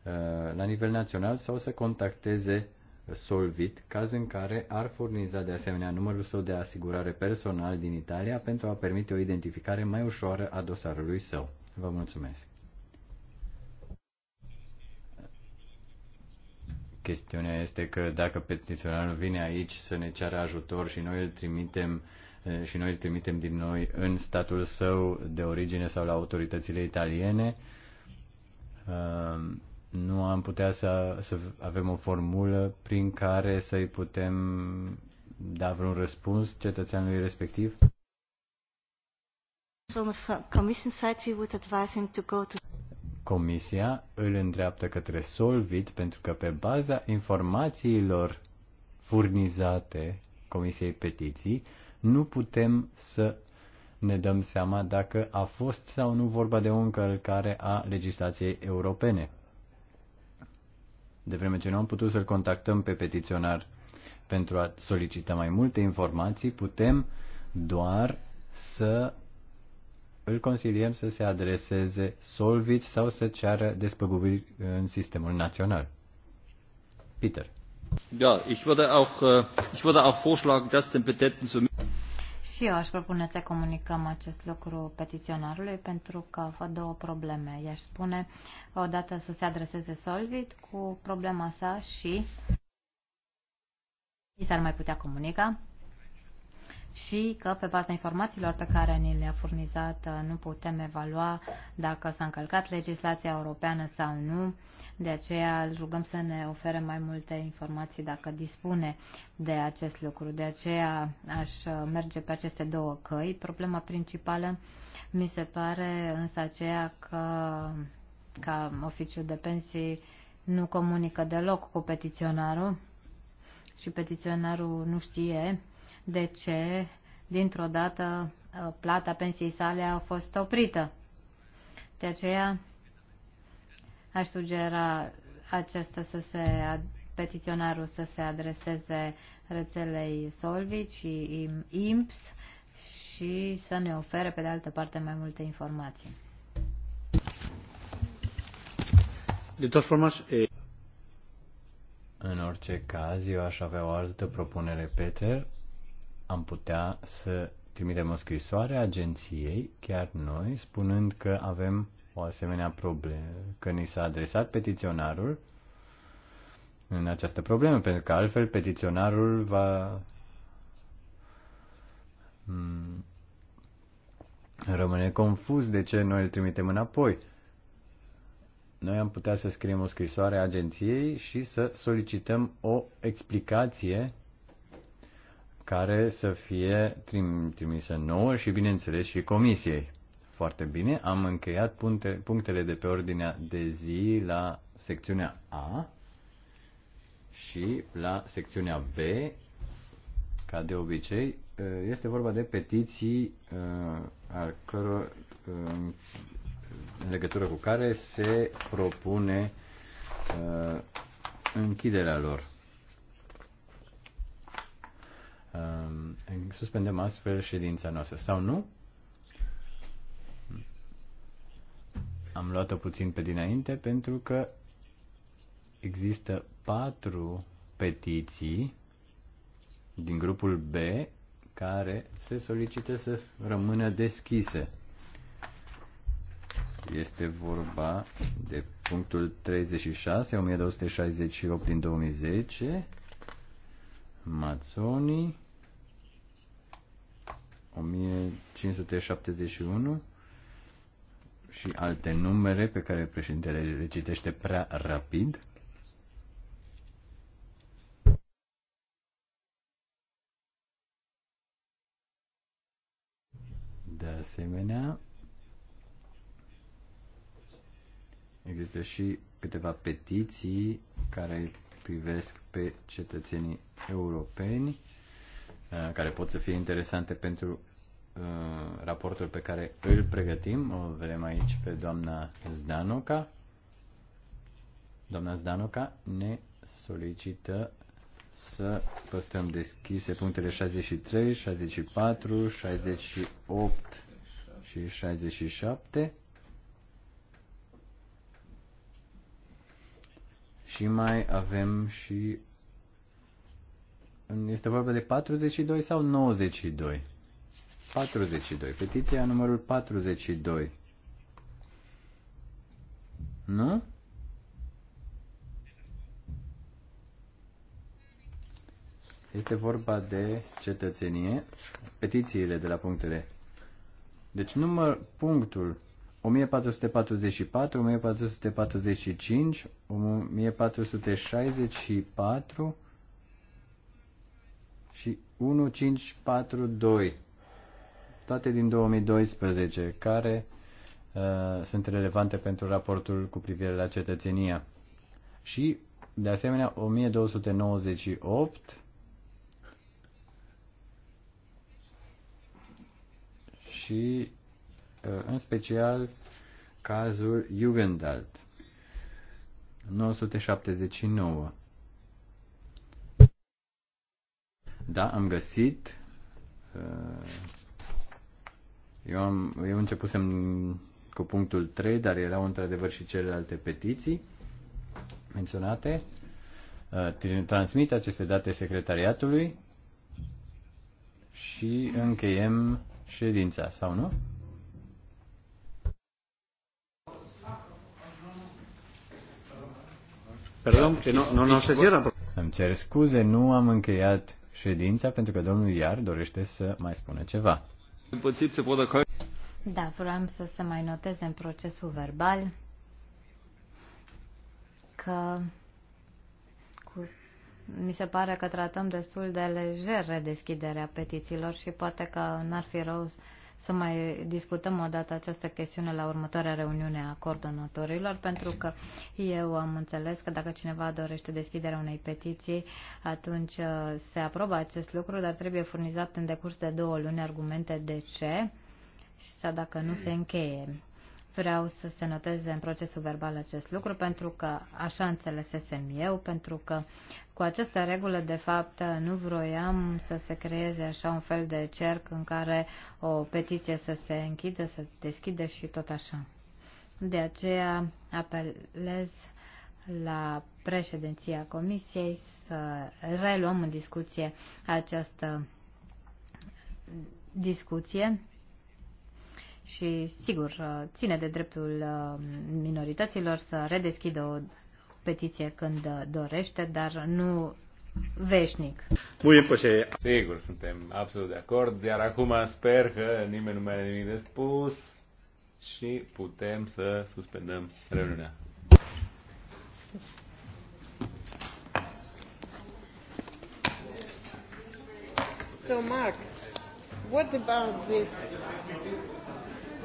uh, la nivel național sau să contacteze Solvit, caz în care ar furniza de asemenea numărul său de asigurare personal din Italia pentru a permite o identificare mai ușoară a dosarului său. Vă mulțumesc. Chestiunea este că dacă petiționarul vine aici să ne ceară ajutor și noi îl trimitem eh, și noi îl trimitem din noi în statul său de origine sau la autoritățile italiene, ehm, nu am putea să, să avem o formulă prin care să-i putem da vreun răspuns cetățeanului respectiv? Comisia îl îndreaptă către Solvit pentru că pe baza informațiilor furnizate Comisiei Petiții nu putem să ne dăm seama dacă a fost sau nu vorba de o încălcare a legislației europene de vreme ce nu am putut să-l contactăm pe petiționar pentru a solicita mai multe informații, putem doar să îl consiliem să se adreseze Solvit sau să ceară despăgubiri în sistemul național. Peter. Ja, ich würde auch, äh, ich würde auch vorschlagen, dass den Petenten zu și eu aș propune să comunicăm acest lucru petiționarului pentru că fă două probleme. I-aș spune odată să se adreseze Solvit cu problema sa și i s-ar mai putea comunica și că pe baza informațiilor pe care ni le-a furnizat uh, nu putem evalua dacă s-a încălcat legislația europeană sau nu. De aceea îl rugăm să ne ofere mai multe informații dacă dispune de acest lucru. De aceea aș uh, merge pe aceste două căi. Problema principală mi se pare însă aceea că ca oficiul de pensii nu comunică deloc cu petiționarul și petiționarul nu știe de ce dintr-o dată uh, plata pensiei sale a fost oprită. De aceea aș sugera acesta să se, petiționarul să se adreseze rețelei Solvit și IMPS și să ne ofere pe de altă parte mai multe informații. De todas formas, e... În orice caz, eu aș avea o altă propunere, Peter am putea să trimitem o scrisoare agenției, chiar noi, spunând că avem o asemenea problemă, că ni s-a adresat petiționarul în această problemă, pentru că altfel petiționarul va mm, rămâne confuz de ce noi îl trimitem înapoi. Noi am putea să scriem o scrisoare agenției și să solicităm o explicație care să fie trim, trimisă nouă și, bineînțeles, și comisiei. Foarte bine, am încheiat puncte, punctele de pe ordinea de zi la secțiunea A și la secțiunea B, ca de obicei, eh, este vorba de petiții eh, al căror, eh, în legătură cu care se propune închiderea lor. Um, suspendăm astfel ședința noastră sau nu? Am luat-o puțin pe dinainte pentru că există patru petiții din grupul B care se solicită să rămână deschise. Este vorba de punctul 36, 1268 din 2010, Mazzoni, 1571 și alte numere pe care președintele le citește prea rapid. De asemenea, există și câteva petiții care privesc pe cetățenii europeni Uh, care pot să fie interesante pentru uh, raportul pe care îl pregătim. O vedem aici pe doamna Zdanoca. Doamna Zdanoca ne solicită să păstrăm deschise punctele 63, 64, 68 și 67. Și mai avem și este vorba de 42 sau 92? 42. Petiția numărul 42. Nu? Este vorba de cetățenie, petițiile de la punctele. Deci număr, punctul 1444, 1445, 1464, și 1542, toate din 2012, care uh, sunt relevante pentru raportul cu privire la cetățenia. Și, de asemenea, 1298 și, uh, în special, cazul Jugendalt, 979. Da, am găsit. Uh, eu, am, eu începusem cu punctul 3, dar erau într-adevăr și celelalte petiții menționate. Uh, transmit aceste date secretariatului și încheiem ședința, sau nu? Perdón, că nu, nu, nu se cierra. Îmi cer scuze, nu am încheiat ședința pentru că domnul Iar dorește să mai spună ceva. Da, vreau să se mai noteze în procesul verbal că cu, mi se pare că tratăm destul de lejer redeschiderea petițiilor și poate că n-ar fi rău să mai discutăm o dată această chestiune la următoarea reuniune a coordonatorilor, pentru că eu am înțeles că dacă cineva dorește deschiderea unei petiții, atunci uh, se aprobă acest lucru, dar trebuie furnizat în decurs de două luni argumente de ce și sau dacă nu se încheie Vreau să se noteze în procesul verbal acest lucru pentru că așa înțelesesem eu, pentru că cu această regulă, de fapt, nu vroiam să se creeze așa un fel de cerc în care o petiție să se închidă, să se deschidă și tot așa. De aceea apelez la președinția Comisiei să reluăm în discuție această discuție și, sigur, ține de dreptul uh, minorităților să redeschidă o petiție când uh, dorește, dar nu veșnic. Bine, pues, sigur, suntem absolut de acord, iar acum sper că nimeni nu mai are nimic de spus și putem să suspendăm reuniunea. So Mark, what about this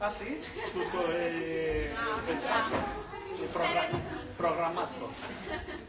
Ah sí, Tutto è eh, pensato, ah, eh, ah. è eh, programmato.